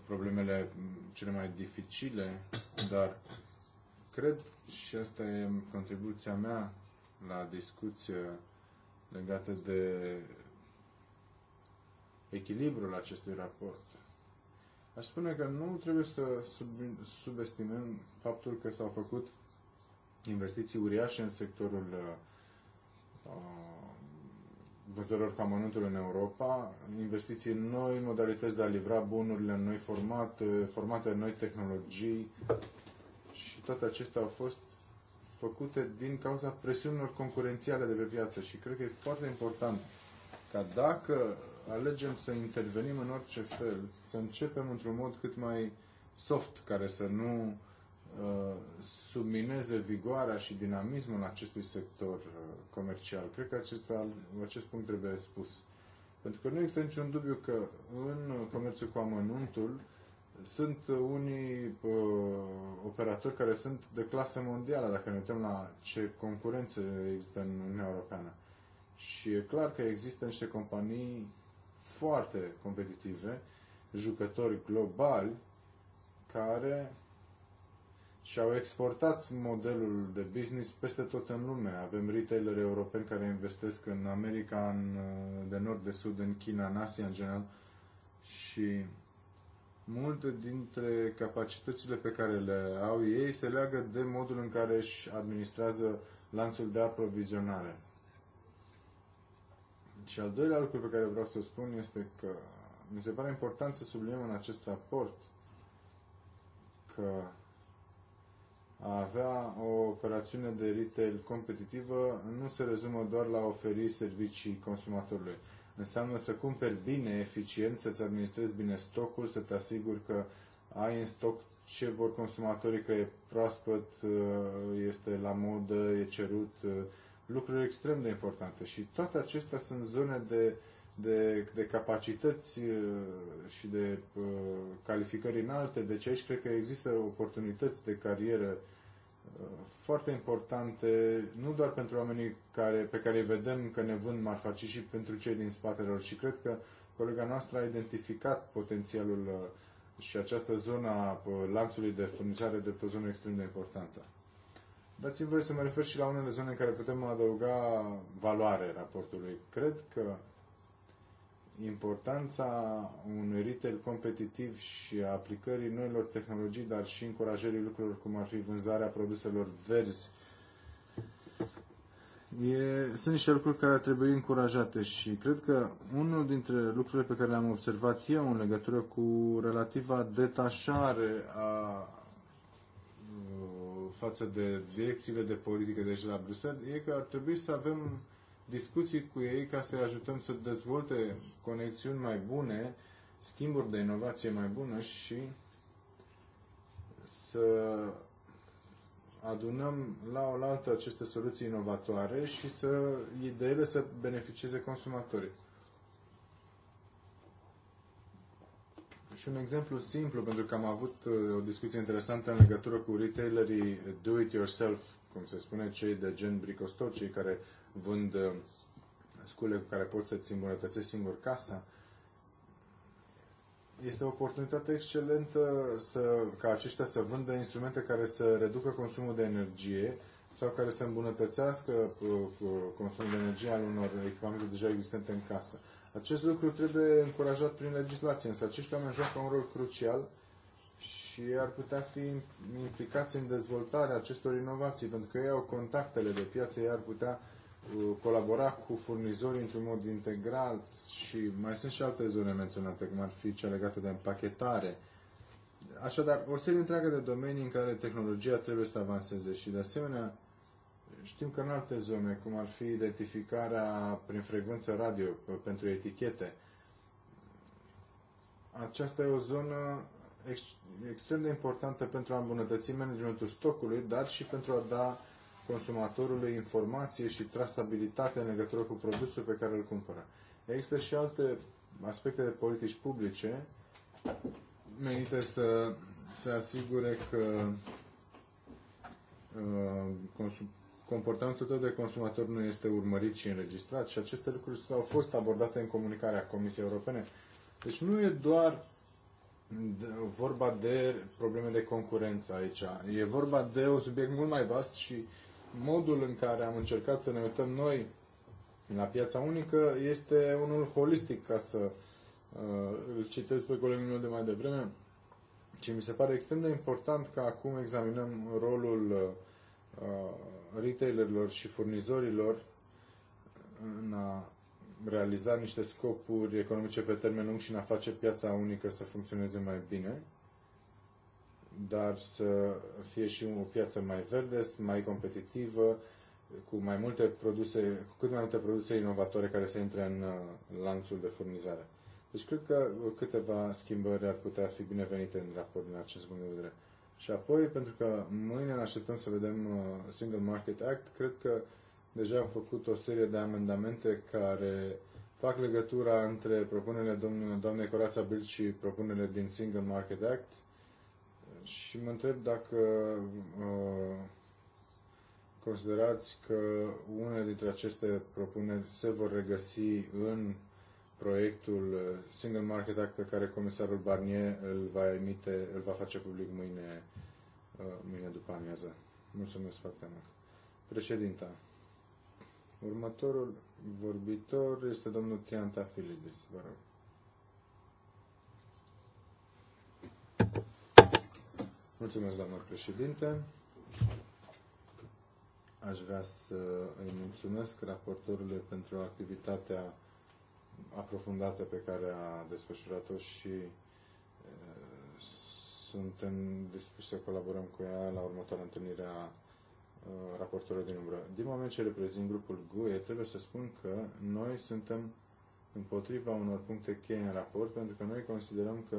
problemele mm, cele mai dificile, dar cred, și asta e contribuția mea la discuție legată de echilibrul acestui raport. Aș spune că nu trebuie să sub, subestimăm faptul că s-au făcut investiții uriașe în sectorul uh, vânzărilor ca în Europa, investiții în noi modalități de a livra bunurile, în noi format uh, formate în noi tehnologii și toate acestea au fost făcute din cauza presiunilor concurențiale de pe piață și cred că e foarte important ca dacă alegem să intervenim în orice fel, să începem într-un mod cât mai soft, care să nu uh, submineze vigoarea și dinamismul acestui sector uh, comercial. Cred că acest, acest punct trebuie spus. Pentru că nu există niciun dubiu că în comerțul cu amănuntul sunt uh, unii uh, operatori care sunt de clasă mondială, dacă ne uităm la ce concurență există în Uniunea Europeană. Și e clar că există niște companii foarte competitive, jucători globali, care și-au exportat modelul de business peste tot în lume. Avem retaileri europeni care investesc în America, în, uh, de nord, de sud, în China, în Asia, în general. Și multe dintre capacitățile pe care le au ei se leagă de modul în care își administrează lanțul de aprovizionare. Și al doilea lucru pe care vreau să spun este că mi se pare important să subliniem în acest raport că a avea o operațiune de retail competitivă nu se rezumă doar la oferi servicii consumatorului înseamnă să cumperi bine, eficient, să-ți administrezi bine stocul, să te asiguri că ai în stoc ce vor consumatorii, că e proaspăt, uh, este la modă, e cerut, uh, lucruri extrem de importante. Și toate acestea sunt zone de, de, de capacități uh, și de calificări înalte, deci aici cred că există oportunități de carieră foarte importante, nu doar pentru oamenii care, pe care îi vedem că ne vând marfa, ci și pentru cei din spatele lor. Și cred că colega noastră a identificat potențialul uh, și această zonă a uh, lanțului de furnizare de o zonă extrem de importantă. Dați-mi voie să mă refer și la unele zone în care putem adăuga valoare raportului. Cred că importanța unui retail competitiv și a aplicării noilor tehnologii, dar și încurajării lucrurilor cum ar fi vânzarea produselor verzi. E, sunt niște lucruri care ar trebui încurajate și cred că unul dintre lucrurile pe care le-am observat eu în legătură cu relativa detașare a uh, față de direcțiile de politică de la Bruxelles e că ar trebui să avem discuții cu ei ca să ajutăm să dezvolte conexiuni mai bune, schimburi de inovație mai bună și să adunăm la oaltă aceste soluții inovatoare și să ideile să beneficieze consumatorii. Și deci un exemplu simplu, pentru că am avut uh, o discuție interesantă în legătură cu retailerii do-it-yourself, cum se spune, cei de gen bricostor, cei care vând uh, scule cu care poți să-ți îmbunătățești singur casa. Este o oportunitate excelentă să, ca aceștia să vândă instrumente care să reducă consumul de energie sau care să îmbunătățească uh, consumul de energie al unor echipamente deja existente în casă. Acest lucru trebuie încurajat prin legislație, însă acești oameni joacă un rol crucial și ar putea fi implicați în dezvoltarea acestor inovații, pentru că ei au contactele de piață, ei ar putea uh, colabora cu furnizorii într-un mod integral și mai sunt și alte zone menționate, cum ar fi cea legată de împachetare. Așadar, o serie întreagă de domenii în care tehnologia trebuie să avanseze și, de asemenea, Știm că în alte zone, cum ar fi identificarea prin frecvență radio pentru etichete, aceasta e o zonă extrem de importantă pentru a îmbunătăți managementul stocului, dar și pentru a da consumatorului informație și trasabilitate în legătură cu produsul pe care îl cumpără. Există și alte aspecte de politici publice menite să se asigure că uh, consum, comportamentul tău de consumator nu este urmărit și înregistrat și aceste lucruri au fost abordate în comunicarea Comisiei Europene. Deci nu e doar vorba de probleme de concurență aici. E vorba de un subiect mult mai vast și modul în care am încercat să ne uităm noi la piața unică este unul holistic, ca să uh, îl citesc pe colegul meu de mai devreme. Și mi se pare extrem de important că acum examinăm rolul uh, retailerilor și furnizorilor în a realiza niște scopuri economice pe termen lung și în a face piața unică să funcționeze mai bine, dar să fie și o piață mai verde, mai competitivă, cu mai multe produse, cu cât mai multe produse inovatoare care să intre în uh, lanțul de furnizare. Deci cred că câteva schimbări ar putea fi binevenite în raport din acest punct de vedere. Și apoi, pentru că mâine ne așteptăm să vedem uh, Single Market Act, cred că deja am făcut o serie de amendamente care fac legătura între propunerile doamnei Corața Bild și propunerile din Single Market Act și mă întreb dacă uh, considerați că unele dintre aceste propuneri se vor regăsi în proiectul uh, Single Market Act pe care comisarul Barnier îl va emite, îl va face public mâine, uh, mâine după amiază. Mulțumesc foarte mult. Președinta, următorul vorbitor este domnul Triantafilidis, vă rog. Mulțumesc, doamnă președinte. Aș vrea să îi mulțumesc raportorului pentru activitatea aprofundată pe care a desfășurat-o și suntem dispuși să colaborăm cu ea la următoarea întâlnire a raportorului din umbră. Din moment ce reprezint grupul GUE, trebuie să spun că noi suntem împotriva unor puncte cheie în raport, pentru că noi considerăm că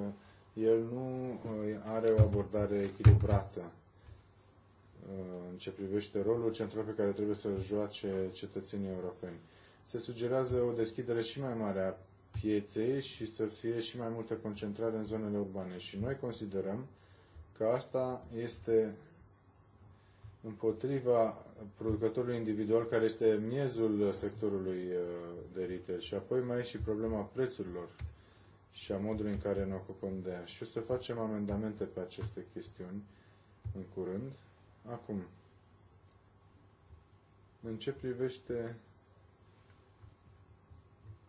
el nu are o abordare echilibrată în ce privește rolul central pe care trebuie să-l joace cetățenii europeni se sugerează o deschidere și mai mare a pieței și să fie și mai multe concentrate în zonele urbane. Și noi considerăm că asta este împotriva producătorului individual care este miezul sectorului uh, de retail și apoi mai e și problema prețurilor și a modului în care ne ocupăm de ea. Și o să facem amendamente pe aceste chestiuni în curând. Acum, în ce privește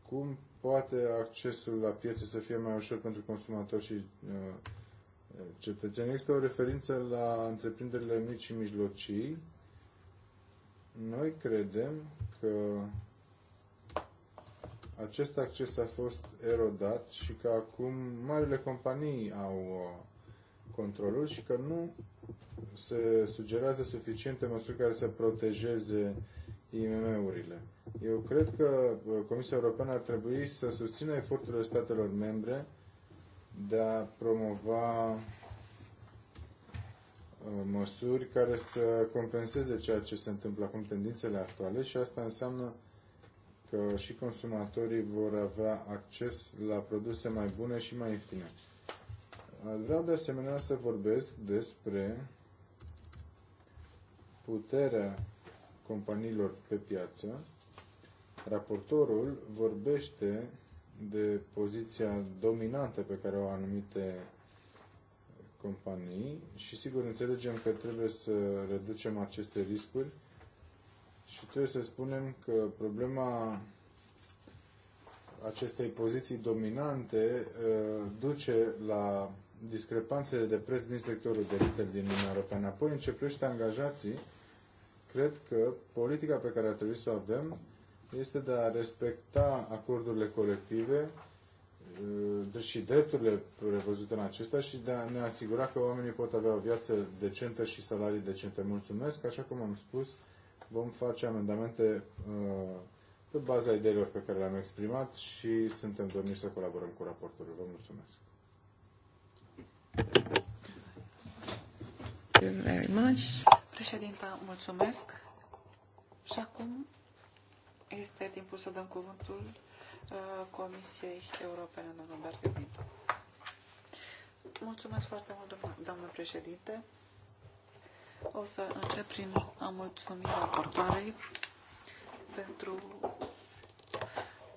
cum poate accesul la piețe să fie mai ușor pentru consumatori și uh, cetățeni. Există o referință la întreprinderile mici și mijlocii. Noi credem că acest acces a fost erodat și că acum marile companii au uh, controlul și că nu se sugerează suficiente măsuri care să protejeze IMM-urile. Eu cred că Comisia Europeană ar trebui să susțină eforturile statelor membre de a promova ă, măsuri care să compenseze ceea ce se întâmplă acum tendințele actuale și asta înseamnă că și consumatorii vor avea acces la produse mai bune și mai ieftine. Vreau de asemenea să vorbesc despre puterea companiilor pe piață, raportorul vorbește de poziția dominantă pe care o au anumite companii și sigur înțelegem că trebuie să reducem aceste riscuri și trebuie să spunem că problema acestei poziții dominante uh, duce la discrepanțele de preț din sectorul de retail din Uniunea Europeană. Apoi începește angajații cred că politica pe care ar trebui să o avem este de a respecta acordurile colective uh, și drepturile prevăzute în acesta și de a ne asigura că oamenii pot avea o viață decentă și salarii decente. Mulțumesc, așa cum am spus, vom face amendamente uh, pe baza ideilor pe care le-am exprimat și suntem dorniți să colaborăm cu raportul. Vă mulțumesc. Thank you very much. Președinta, mulțumesc. Și acum este timpul să dăm cuvântul uh, Comisiei Europene, domnul Bergevin. Mulțumesc foarte mult, doamnă președinte. O să încep prin a mulțumi raportoarei pentru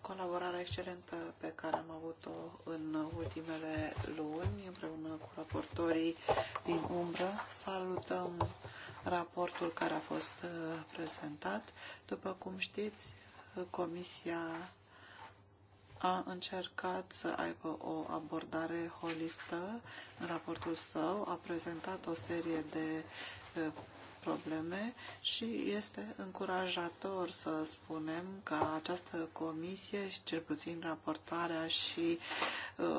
colaborarea excelentă pe care am avut-o în ultimele luni împreună cu raportorii din umbră. Salutăm raportul care a fost uh, prezentat. După cum știți, uh, Comisia a încercat să aibă o abordare holistă în raportul său, a prezentat o serie de uh, probleme și este încurajator să spunem că această comisie și cel puțin raportarea și uh,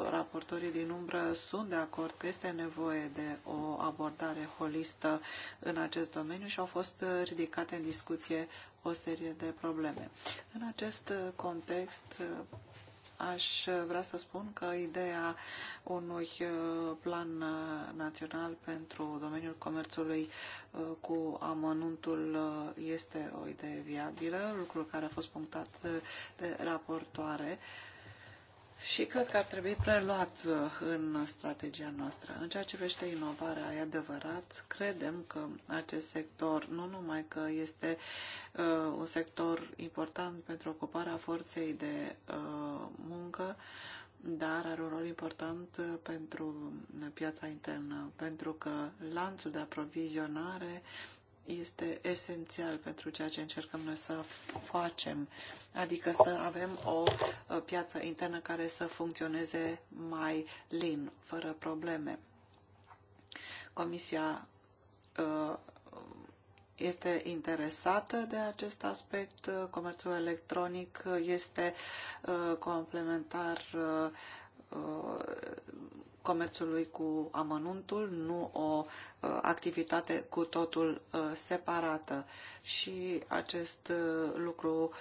raportorii din umbră sunt de acord că este nevoie de o abordare holistă în acest domeniu și au fost ridicate în discuție o serie de probleme. În acest context aș vrea să spun că ideea unui uh, plan uh, național pentru domeniul comerțului uh, cu amănuntul este o idee viabilă, lucru care a fost punctat de raportoare și cred că ar trebui preluat uh, în strategia noastră. În ceea ce privește inovarea, e adevărat, credem că acest sector, nu numai că este uh, un sector important pentru ocuparea forței de uh, muncă, dar are un rol important uh, pentru piața internă, pentru că lanțul de aprovizionare este esențial pentru ceea ce încercăm noi să facem, adică să avem o uh, piață internă care să funcționeze mai lin, fără probleme. Comisia uh, este interesată de acest aspect. Uh, comerțul electronic este complementar comerțului cu amănuntul, nu o uh, activitate cu totul uh, separată. Și acest uh, lucru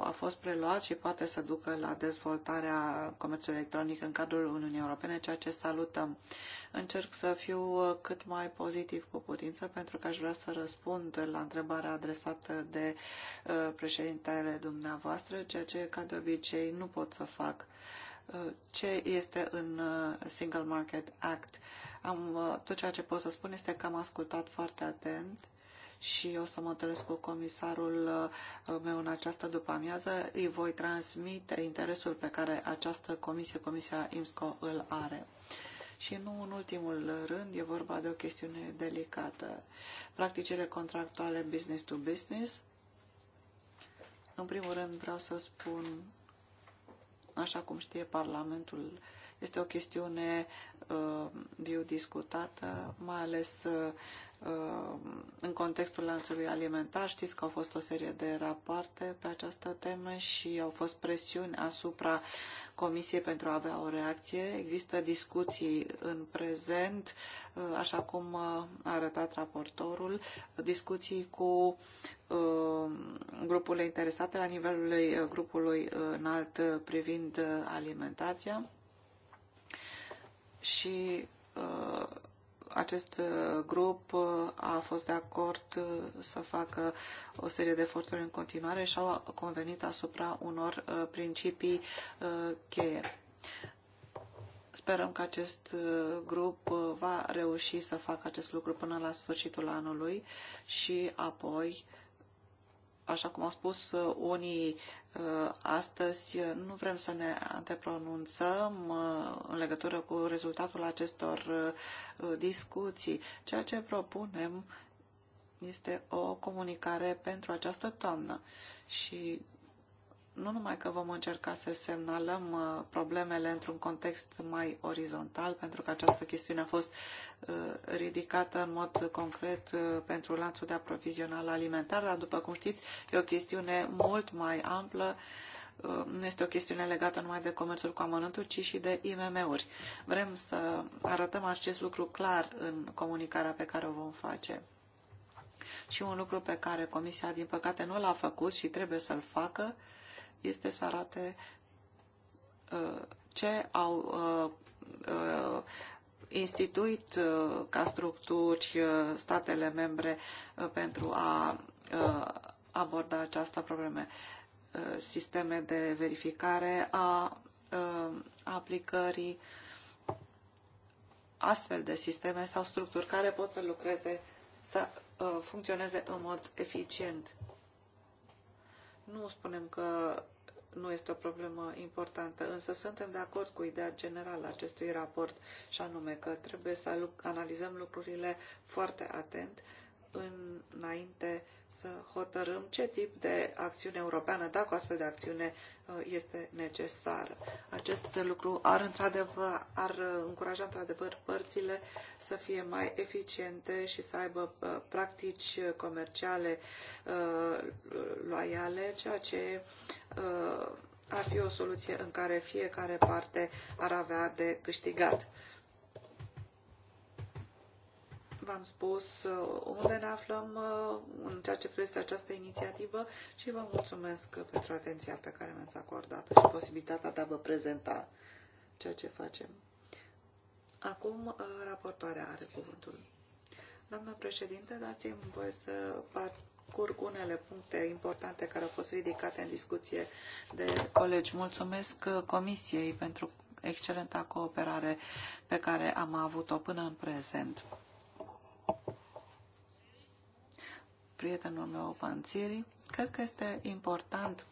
a fost preluat și poate să ducă la dezvoltarea comerțului electronic în cadrul Uniunii Europene, ceea ce salutăm. Încerc să fiu cât mai pozitiv cu putință pentru că aș vrea să răspund la întrebarea adresată de președintele dumneavoastră, ceea ce, ca de obicei, nu pot să fac ce este în uh, Single Market Act. Am, uh, tot ceea ce pot să spun este că am ascultat foarte atent și o să mă întâlnesc cu comisarul uh, meu în această după-amiază. Îi voi transmite interesul pe care această comisie, Comisia IMSCO, îl are. Și nu în ultimul rând, e vorba de o chestiune delicată. Practicile contractuale business to business. În primul rând vreau să spun Așa cum știe Parlamentul, este o chestiune uh, biodiscutată, mai ales uh, Uh, în contextul lanțului alimentar. Știți că au fost o serie de rapoarte pe această temă și au fost presiuni asupra Comisiei pentru a avea o reacție. Există discuții în prezent, uh, așa cum a arătat raportorul, discuții cu uh, grupurile interesate la nivelul grupului înalt privind alimentația și acest uh, grup uh, a fost de acord uh, să facă o serie de eforturi în continuare și au convenit asupra unor principii cheie. Sperăm că acest grup va reuși să facă acest lucru până la sfârșitul anului și apoi, așa cum au spus unii Uh, astăzi nu vrem să ne antepronunțăm uh, în legătură cu rezultatul acestor uh, discuții. Ceea ce propunem este o comunicare pentru această toamnă și nu numai că vom încerca să semnalăm uh, problemele într-un context mai orizontal, pentru că această chestiune a fost uh, ridicată în mod concret uh, pentru lanțul de aprovizionare alimentar, dar după cum știți, e o chestiune mult mai amplă nu este o chestiune legată numai de comerțul cu amănuntul, ci și de IMM-uri. Vrem să arătăm acest lucru clar în comunicarea pe care o vom face. Și un lucru pe care Comisia, din păcate, nu l-a făcut și trebuie să-l facă, uh, este să arate uh, ce au uh, uh, instituit ca structuri statele membre pentru a aborda această problemă. Sisteme de verificare a aplicării, astfel de sisteme sau structuri care pot să lucreze, să funcționeze în mod eficient. Nu spunem că nu este o problemă importantă, însă suntem de acord cu ideea generală a acestui raport, și anume că trebuie să analizăm lucrurile foarte atent înainte să hotărâm ce tip de acțiune europeană, dacă o astfel de acțiune uh, este necesară. Acest lucru ar, într-adevăr, ar uh, încuraja într-adevăr părțile să fie mai eficiente și să aibă uh, practici comerciale loiale, ceea ce ar fi o soluție în care fiecare parte ar avea de câștigat v-am spus uh, unde ne aflăm uh, în ceea ce privește această inițiativă și vă mulțumesc pentru atenția pe care mi-ați acordat și posibilitatea de a vă prezenta ceea ce facem. Acum, uh, raportoarea are cuvântul. Doamna președinte, dați-mi voie să parcurg unele puncte importante care au fost ridicate în discuție de colegi. Mulțumesc Comisiei pentru excelenta cooperare pe care am avut-o până în prezent. prietenul meu Panțirii, cred că este important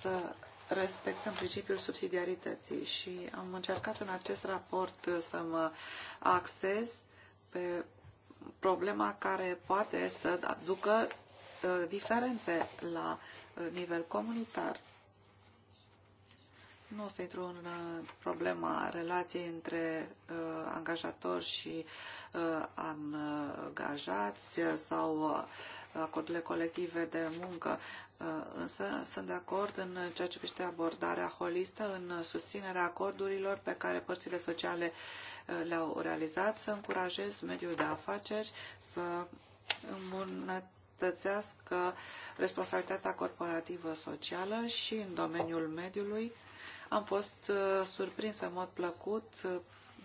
să respectăm principiul subsidiarității și am încercat în acest raport să mă axez pe problema care poate să aducă uh, diferențe la uh, nivel comunitar. Nu o să intru în uh, problema relației între uh, angajator și uh, angajați sau uh, acordurile colective de muncă, uh, însă sunt de acord în ceea ce privește abordarea holistă, în susținerea acordurilor pe care părțile sociale uh, le-au realizat, să încurajez mediul de afaceri să îmbunătățească responsabilitatea corporativă socială și în domeniul mediului am fost uh, surprinsă în mod plăcut uh,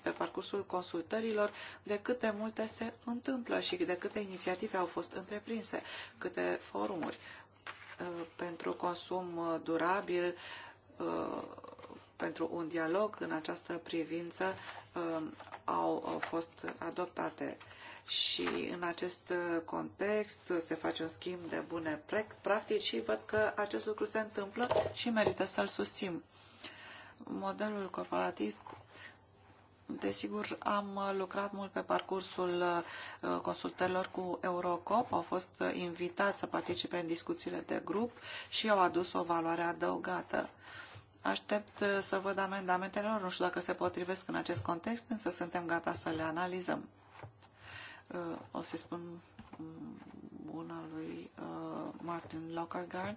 pe parcursul consultărilor de câte multe se întâmplă și de câte inițiative au fost întreprinse, câte forumuri uh, pentru consum durabil, pentru un dialog în această privință au fost adoptate și în acest context se face un schimb de bune practici și văd că acest lucru se întâmplă și merită să-l susțin modelul corporatist Desigur, am uh, lucrat mult pe parcursul uh, consultărilor cu Eurocop, au fost uh, invitați să participe în discuțiile de grup și au adus o valoare adăugată. Aștept să văd amendamentele lor, nu știu dacă se potrivesc în acest context, însă suntem gata să le analizăm. O să spun mm, una lui Martin Lockergard,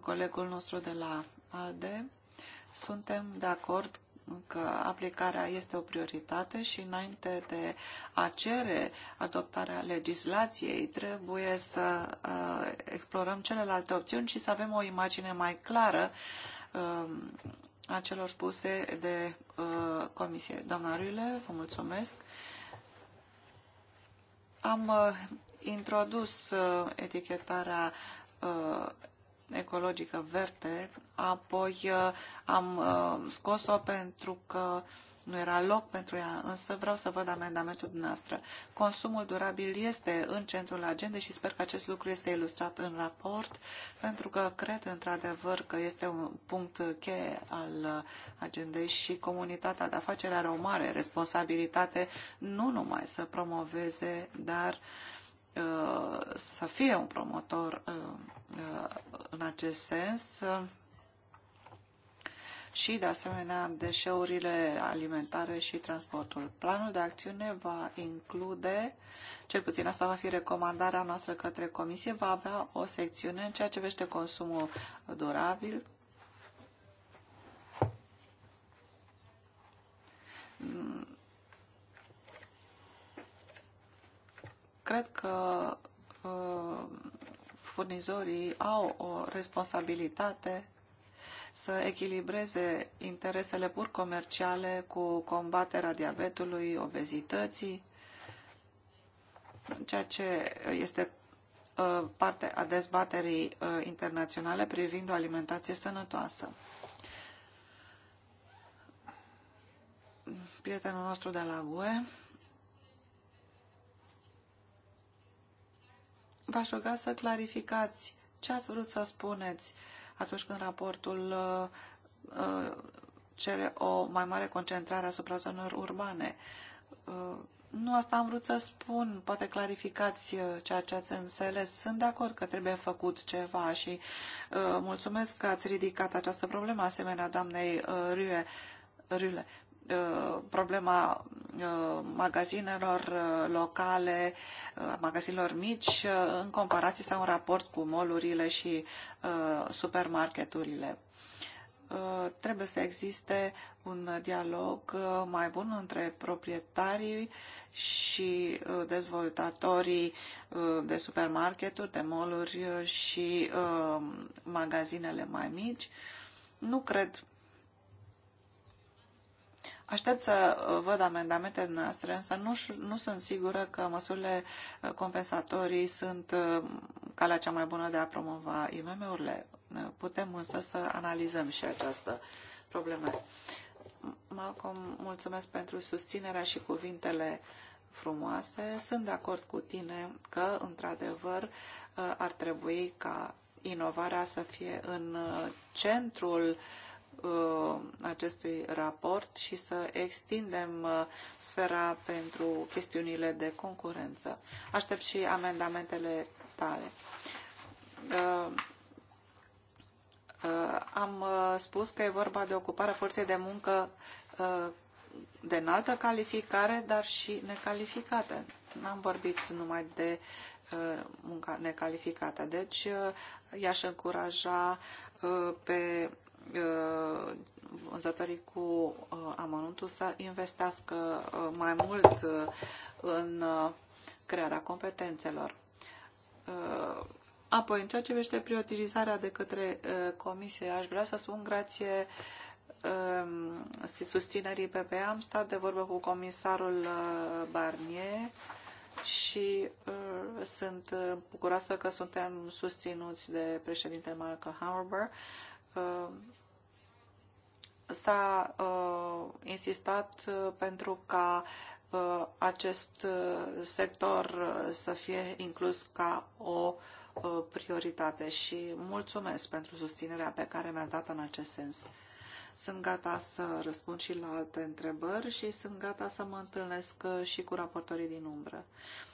colegul nostru de la ALDE suntem de acord că aplicarea este o prioritate și înainte de a cere adoptarea legislației trebuie să uh, explorăm celelalte opțiuni și să avem o imagine mai clară uh, a celor spuse de uh, comisie. Doamna Ruile, vă mulțumesc. Am uh, introdus uh, etichetarea uh, ecologică verde, apoi uh, am uh, scos-o pentru că nu era loc pentru ea, însă vreau să văd amendamentul dumneavoastră. Consumul durabil este în centrul agendei și sper că acest lucru este ilustrat în raport, pentru că cred într-adevăr că este un punct cheie al agendei și comunitatea de afaceri are o mare responsabilitate, nu numai să promoveze, dar uh, Uh, să fie un promotor uh, uh, în acest sens și, de asemenea, deșeurile alimentare și transportul. Planul de acțiune va include, cel puțin asta va fi recomandarea noastră către Comisie, va avea o secțiune în ceea ce vește consumul durabil, cred că uh, furnizorii au o responsabilitate să echilibreze interesele pur comerciale cu combaterea diabetului, obezității, ceea ce este uh, parte a dezbaterii uh, internaționale privind o alimentație sănătoasă. Prietenul nostru de la UE v-aș ruga să clarificați ce ați vrut să spuneți atunci când raportul uh, uh, cere o mai mare concentrare asupra zonelor urbane. Uh, nu asta am vrut să spun, poate clarificați uh, ceea ce ați înțeles. Sunt de acord că trebuie făcut ceva și uh, mulțumesc că ați ridicat această problemă asemenea doamnei uh, Rue. Rule. Uh, problema uh, magazinelor uh, locale, magazinelor mici, în comparație sau în raport cu molurile și supermarketurile. Trebuie să existe un dialog mai bun între proprietarii și dezvoltatorii de supermarketuri, de moluri și magazinele mai mici. Nu cred Aștept să uh, văd amendamentele noastre, însă nu, nu sunt sigură că măsurile uh, compensatorii sunt uh, calea cea mai bună de a promova IMM-urile. Putem însă să analizăm și această problemă. Malcolm, mulțumesc pentru susținerea și cuvintele frumoase. Sunt de acord cu tine că, într-adevăr, ar trebui ca inovarea să fie în centrul uh, Uh, acestui raport și să extindem uh, sfera pentru chestiunile de concurență. Aștept și amendamentele tale. Uh, am spus că e vorba de ocuparea forței de muncă de înaltă calificare, dar și necalificată. N-am vorbit numai de munca necalificată. Deci i-aș încuraja pe Uh, vânzătorii cu uh, amănuntul să investească uh, mai mult în crearea competențelor. Apoi, în ceea ce privește prioritizarea de către comisie, aș vrea să spun grație um, susținerii PP. Am stat de vorbă cu comisarul Barnier și sunt bucuroasă că suntem susținuți de președintele Marco Harbour s-a uh, insistat uh, pentru ca uh, acest uh, sector uh, să fie inclus ca o uh, prioritate și mulțumesc pentru susținerea pe care mi-a dat în acest sens. Sunt gata să răspund și la alte întrebări și sunt gata să mă întâlnesc și cu raportorii din umbră.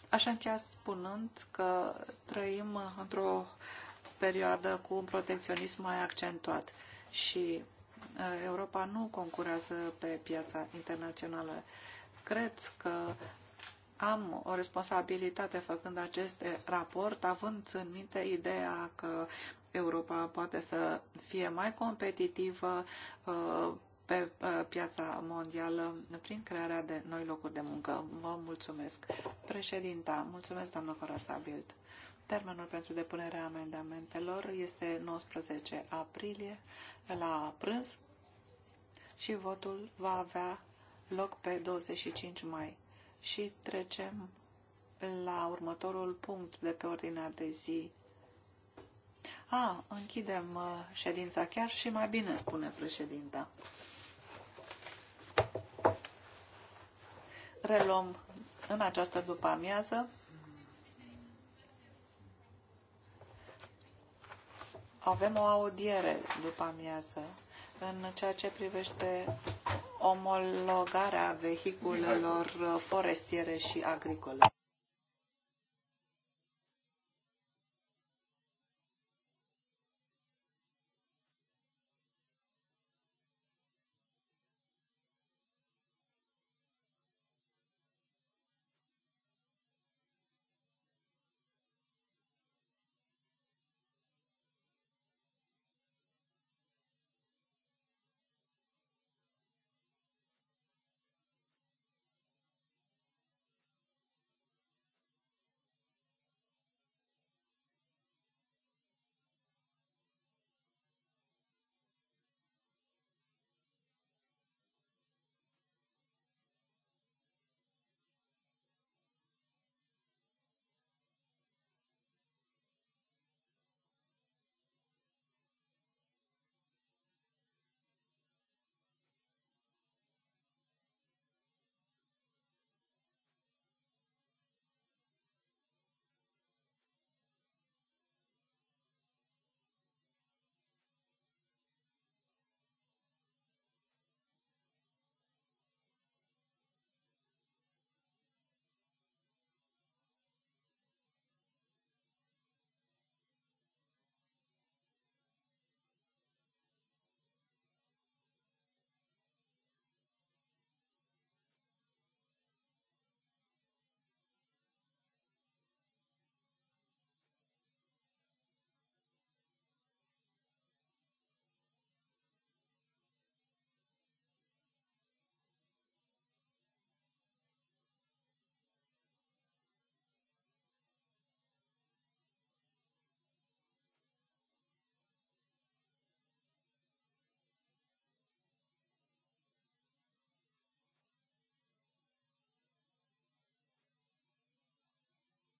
Aș încheia spunând că trăim într-o perioadă cu un protecționism mai accentuat și Uh, Europa nu concurează pe piața internațională. Cred că am o responsabilitate făcând acest raport, având în minte ideea că Europa poate să fie mai competitivă uh, pe uh, piața mondială prin crearea de noi locuri de muncă. Vă mulțumesc. Președinta, mulțumesc, doamnă Corața Bild. Termenul pentru depunerea amendamentelor este 19 aprilie la prânz și votul va avea loc pe 25 mai. Și trecem la următorul punct de pe ordinea de zi. A, închidem uh, ședința chiar și mai bine, spune președinta. Reluăm în această după amiază. avem o audiere după amiază în ceea ce privește omologarea vehiculelor forestiere și agricole.